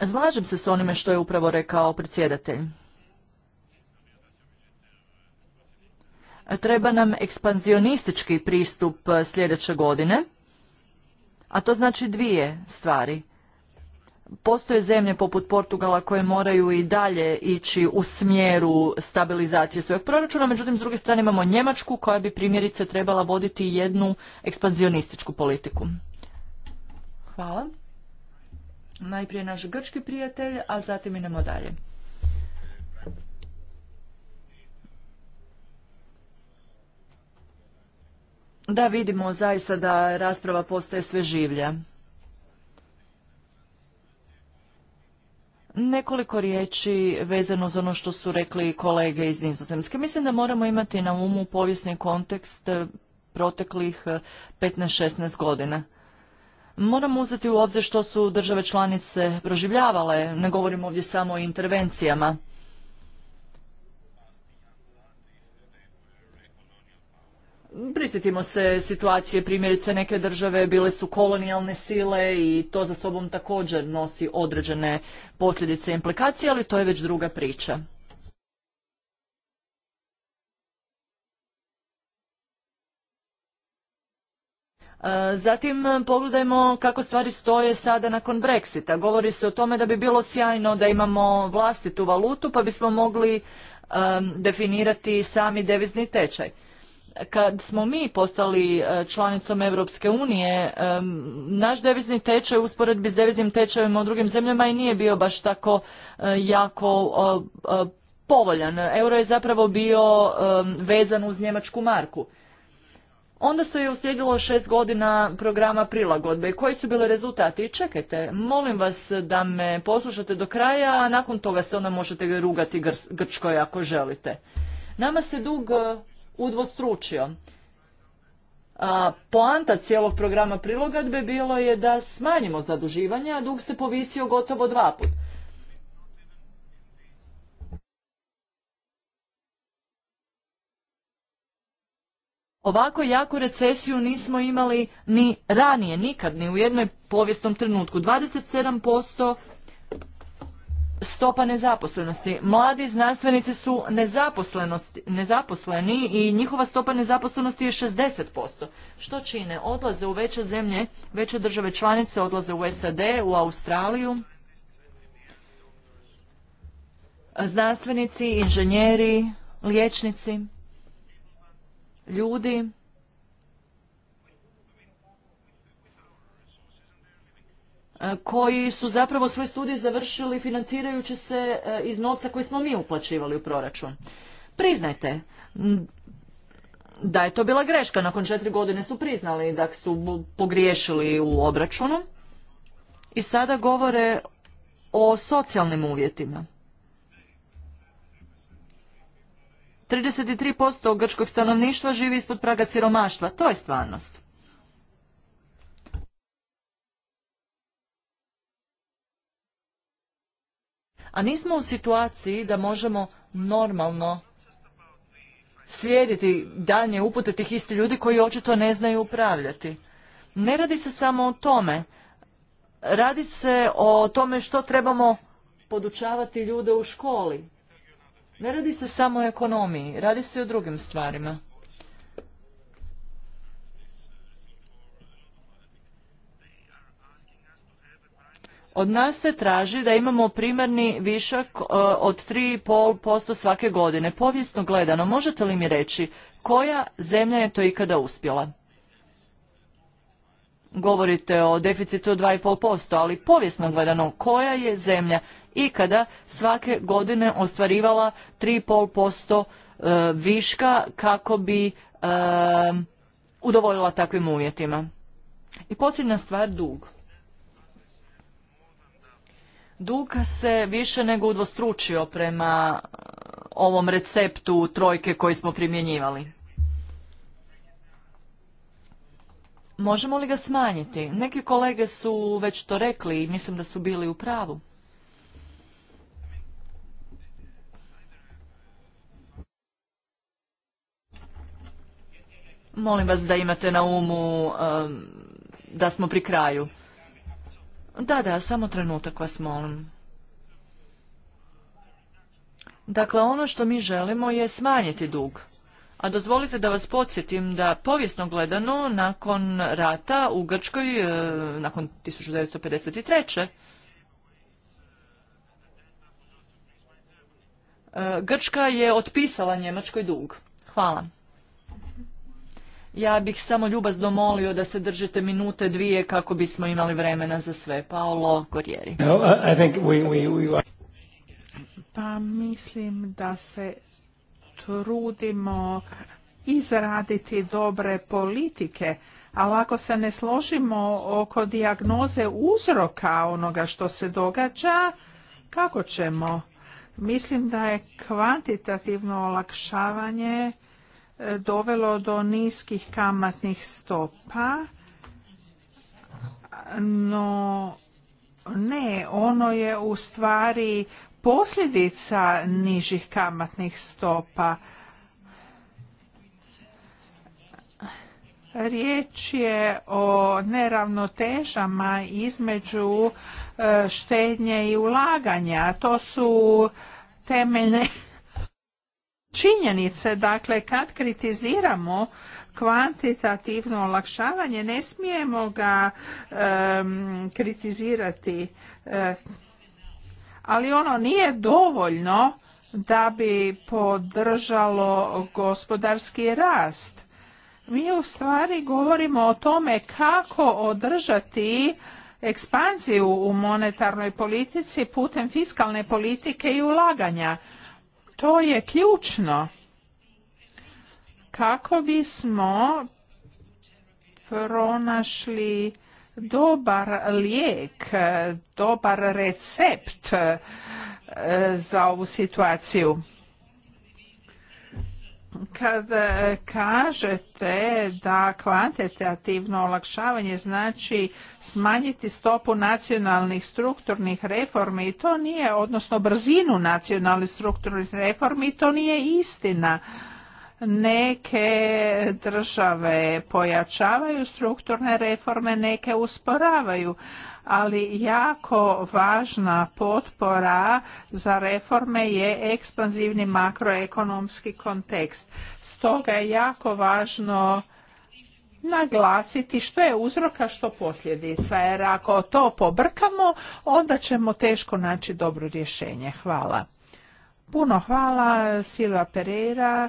Zlažem se s onime što je upravo rekao predsjedatelj. treba nam ekspanzionistički pristup e, sljedeće godine, a to znači dvije stvari. Postoje zemlje poput Portugala koje moraju i dalje ići u smjeru stabilizacije svojeg proračuna, međutim s druge strane imamo Njemačku koja bi primjerice trebala voditi jednu ekspanzionističku politiku. Hvala. Najprije naš grčki prijatelj, a zatim idemo dalje. Da, vidimo zaista da rasprava postaje sve življa. Nekoliko riječi vezano za ono što su rekli kolege iz Nizozemske. Mislim da moramo imati na umu povijesni kontekst eh, proteklih 15-16 eh, godina. Moramo uzeti u obzir što su države članice proživljavale, ne govorim ovdje samo o intervencijama. Prisjetimo se situacije, primjerice neke države bile su kolonijalne sile i to za sobom također nosi određene posljedice i implikacije, ali to je već druga priča. E, zatim e, pogledajmo kako stvari stoje sada nakon Brexita. Govori se o tome da bi bilo sjajno da imamo vlastitu valutu pa bismo mogli e, definirati sami devizni tečaj kad smo mi postali e, članicom Europske unije, naš devizni tečaj usporedbi s deviznim tečajima u drugim zemljama i nije bio baš tako e, jako e, povoljan. Euro je zapravo bio vezan uz njemačku marku. Onda su je uslijedilo šest godina programa prilagodbe. Koji su bili rezultati? Čekajte, molim vas da me poslušate do kraja, a nakon toga se onda možete rugati Grčkoj ako želite. Nama se dug udvostručio. A poanta cijelog programa prilogadbe bilo je da smanjimo zaduživanje, a dug se povisio gotovo dva put. Ovako jaku recesiju nismo imali ni ranije, nikad, ni u jednom povijesnom trenutku. 27% stopa nezaposlenosti. Mladi znanstvenici su nezaposleni i njihova stopa nezaposlenosti je 60%. Što čine? Odlaze u veće zemlje, veće države članice, odlaze u SAD, u Australiju. Znanstvenici, inženjeri, liječnici, ljudi koji su zapravo svoje studije završili financirajući se e, iz novca koji smo mi uplaćivali u proračun. Priznajte, da je to bila greška. Nakon četiri godine su priznali da su pogriješili u obračunu i sada govore o socijalnim uvjetima. 33% grčkog stanovništva živi ispod praga siromaštva. To je stvarnost. a nismo u situaciji da možemo normalno slijediti dalje upute tih isti ljudi koji očito ne znaju upravljati. Ne radi se samo o tome. Radi se o tome što trebamo podučavati ljude u školi. Ne radi se samo o ekonomiji, radi se i o drugim stvarima. Od nas se traži da imamo primarni višak e, od 3,5% svake godine. Povijesno gledano, možete li mi reći koja zemlja je to ikada uspjela? Govorite o deficitu od 2,5%, ali povijesno gledano, koja je zemlja ikada svake godine ostvarivala 3,5% e, viška kako bi e, udovoljila takvim uvjetima? I posljedna stvar, dug. Dug se više nego udvostručio prema e, ovom receptu trojke koji smo primjenjivali. Možemo li ga smanjiti? Neki kolege su već to rekli i mislim da su bili u pravu. Molim vas da imate na umu e, da smo pri kraju. Da, da, samo trenutak vas molim. Dakle, ono što mi želimo je smanjiti dug. A dozvolite da vas podsjetim da povijesno gledano nakon rata u Grčkoj, e, nakon 1953. E, Grčka je otpisala njemačkoj dug. Hvala. Ja bih samo ljubazno molio da se držite minute dvije kako bismo imali vremena za sve. Paolo Gorjeri. Pa mislim da se trudimo izraditi dobre politike, ali ako se ne složimo oko dijagnoze uzroka onoga što se događa, kako ćemo? Mislim da je kvantitativno olakšavanje dovelo do niskih kamatnih stopa, no ne, ono je u stvari posljedica nižih kamatnih stopa. Riječ je o neravnotežama između e, štednje i ulaganja. To su temeljne činjenice. Dakle, kad kritiziramo kvantitativno olakšavanje, ne smijemo ga kritizirati. Eh, ali ono nije dovoljno da bi podržalo gospodarski rast. Mi u stvari govorimo o tome kako održati ekspanziju u monetarnoj politici putem fiskalne politike i ulaganja. To je ključno kako bismo pronašli dobar lijek, dobar recept eh, za ovu situaciju kad e, kažete da kvantitativno olakšavanje znači smanjiti stopu nacionalnih strukturnih reformi, to nije, odnosno brzinu nacionalnih strukturnih reformi, to nije istina. Neke države pojačavaju strukturne reforme, neke usporavaju ali jako važna potpora za reforme je ekspanzivni makroekonomski kontekst. Stoga je jako važno naglasiti što je uzroka što posljedica jer ako to pobrkamo onda ćemo teško naći dobro rješenje. Hvala. Puno hvala Silva Pereira.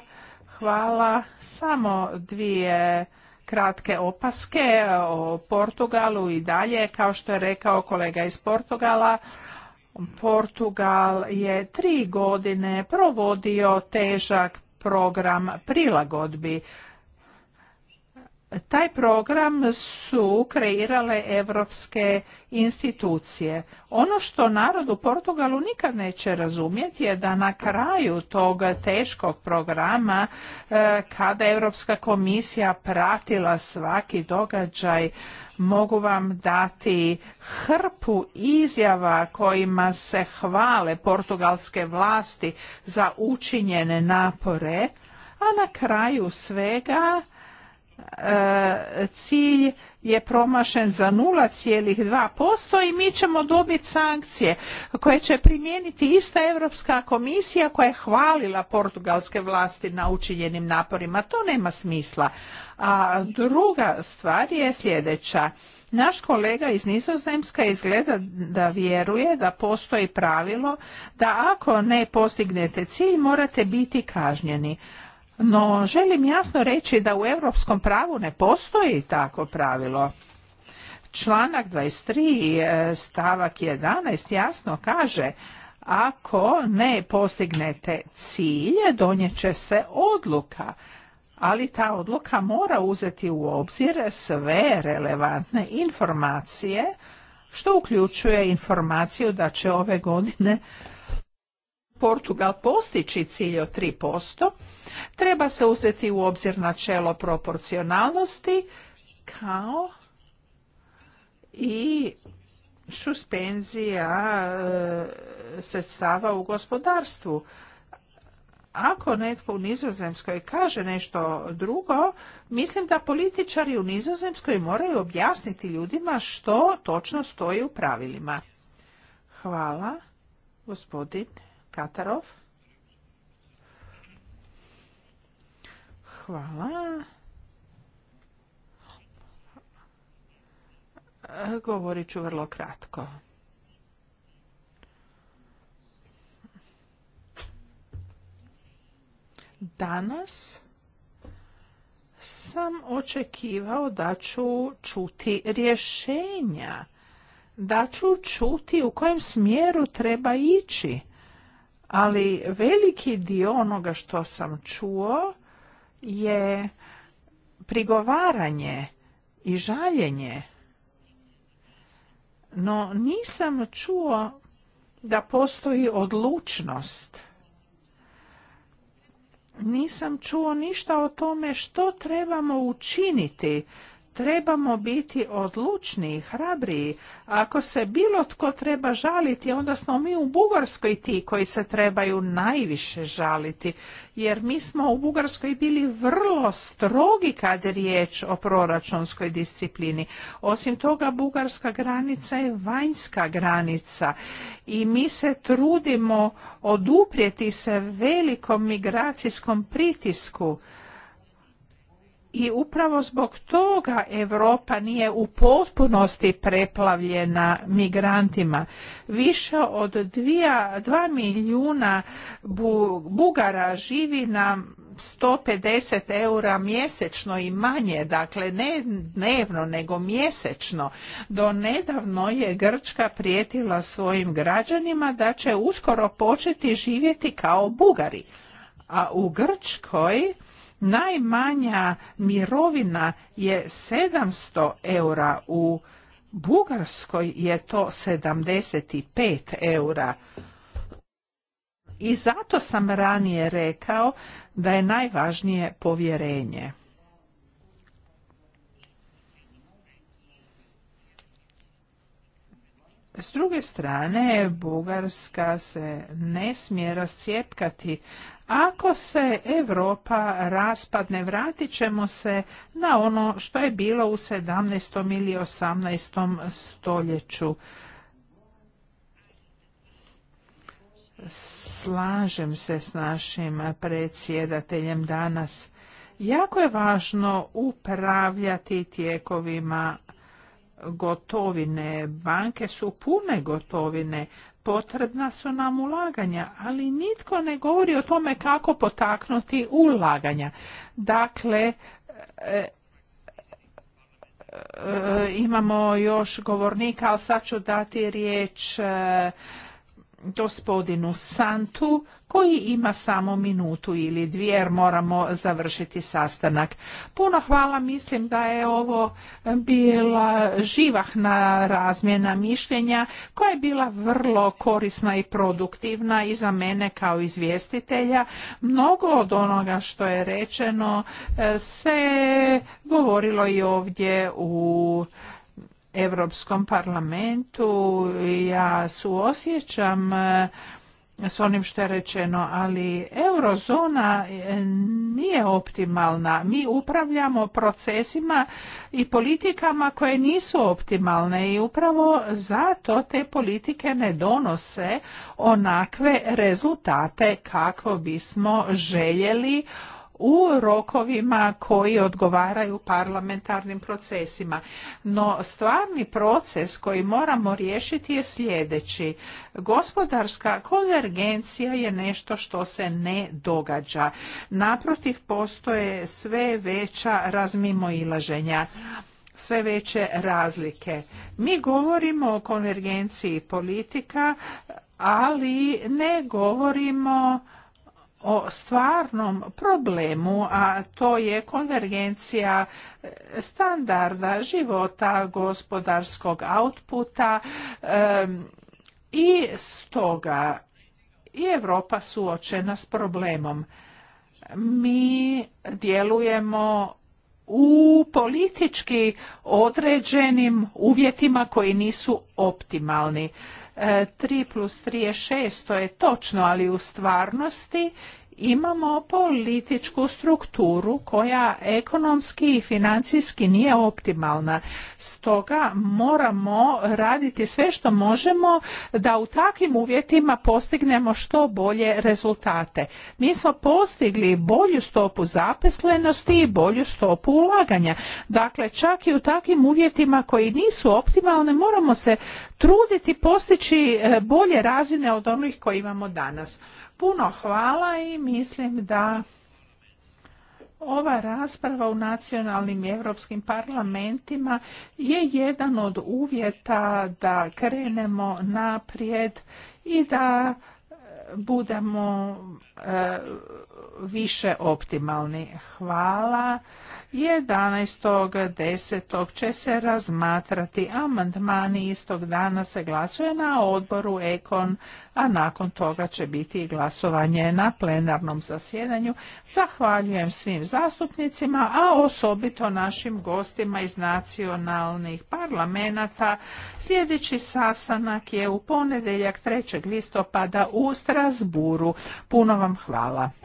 Hvala. Samo dvije kratke opaske o Portugalu i dalje. Kao što je rekao kolega iz Portugala, Portugal je tri godine provodio težak program prilagodbi. Taj program su kreirale evropske institucije. Ono što narod u Portugalu nikad neće razumjeti je da na kraju tog teškog programa e, kada Europska komisija pratila svaki događaj mogu vam dati hrpu izjava kojima se hvale portugalske vlasti za učinjene napore, a na kraju svega E, cilj je promašen za 0,2% i mi ćemo dobiti sankcije koje će primijeniti ista Europska komisija koja je hvalila portugalske vlasti na učinjenim naporima. To nema smisla. A druga stvar je sljedeća. Naš kolega iz Nizozemska izgleda da vjeruje da postoji pravilo da ako ne postignete cilj morate biti kažnjeni. No, želim jasno reći da u europskom pravu ne postoji tako pravilo. Članak 23 e, stavak 11 jasno kaže ako ne postignete cilje, donijet će se odluka, ali ta odluka mora uzeti u obzir sve relevantne informacije, što uključuje informaciju da će ove godine Portugal postići cilj od 3%, treba se uzeti u obzir načelo proporcionalnosti kao i suspenzija e, sredstava u gospodarstvu. Ako netko u Nizozemskoj kaže nešto drugo, mislim da političari u Nizozemskoj moraju objasniti ljudima što točno stoji u pravilima. Hvala, gospodine. Katarov. Hvala. Govorit ću vrlo kratko. Danas sam očekivao da ću čuti rješenja, da ću čuti u kojem smjeru treba ići ali veliki dio onoga što sam čuo je prigovaranje i žaljenje. No nisam čuo da postoji odlučnost. Nisam čuo ništa o tome što trebamo učiniti trebamo biti odlučni i hrabriji. Ako se bilo tko treba žaliti, onda smo mi u Bugarskoj ti koji se trebaju najviše žaliti, jer mi smo u Bugarskoj bili vrlo strogi kad je riječ o proračunskoj disciplini. Osim toga, bugarska granica je vanjska granica i mi se trudimo oduprijeti se velikom migracijskom pritisku i upravo zbog toga Europa nije u potpunosti preplavljena migrantima. Više od 2 milijuna Bugara živi na 150 eura mjesečno i manje, dakle ne dnevno nego mjesečno. Do nedavno je Grčka prijetila svojim građanima da će uskoro početi živjeti kao Bugari. A u Grčkoj Najmanja mirovina je 700 eura, u Bugarskoj je to 75 eura. I zato sam ranije rekao da je najvažnije povjerenje. S druge strane, Bugarska se ne smije rascijepkati ako se Europa raspadne, vratit ćemo se na ono što je bilo u 17. ili 18. stoljeću. Slažem se s našim predsjedateljem danas. Jako je važno upravljati tijekovima gotovine, banke su pune gotovine, potrebna su nam ulaganja, ali nitko ne govori o tome kako potaknuti ulaganja. Dakle, e, e, imamo još govornika, ali sad ću dati riječ e, gospodinu Santu koji ima samo minutu ili dvije jer moramo završiti sastanak. Puno hvala, mislim da je ovo bila živahna razmjena mišljenja koja je bila vrlo korisna i produktivna i za mene kao izvjestitelja. Mnogo od onoga što je rečeno e, se govorilo i ovdje u Europskom parlamentu. Ja suosjećam e, s onim što je rečeno, ali eurozona e, nije optimalna. Mi upravljamo procesima i politikama koje nisu optimalne i upravo zato te politike ne donose onakve rezultate kako bismo željeli u rokovima koji odgovaraju parlamentarnim procesima. No stvarni proces koji moramo riješiti je sljedeći. Gospodarska konvergencija je nešto što se ne događa. Naprotiv postoje sve veća razmimoilaženja sve veće razlike. Mi govorimo o konvergenciji politika, ali ne govorimo o stvarnom problemu, a to je konvergencija e, standarda života, gospodarskog outputa i stoga i Europa suočena s problemom. Mi djelujemo u politički određenim uvjetima koji nisu optimalni. 3 e, plus 3 je 6, to je točno, ali u stvarnosti imamo političku strukturu koja ekonomski i financijski nije optimalna. Stoga moramo raditi sve što možemo da u takvim uvjetima postignemo što bolje rezultate. Mi smo postigli bolju stopu zaposlenosti i bolju stopu ulaganja. Dakle, čak i u takvim uvjetima koji nisu optimalne moramo se truditi postići e, bolje razine od onih koje imamo danas. Puno hvala i mislim da ova rasprava u nacionalnim i europskim parlamentima je jedan od uvjeta da krenemo naprijed i da budemo e, više optimalni. Hvala. 11.10. će se razmatrati amandmani istog dana se glasuje na odboru Ekon, a nakon toga će biti i glasovanje na plenarnom zasjedanju. Zahvaljujem svim zastupnicima, a osobito našim gostima iz nacionalnih parlamenta. Sljedeći sastanak je u ponedeljak 3. listopada u Strasburu. Puno vam hvala.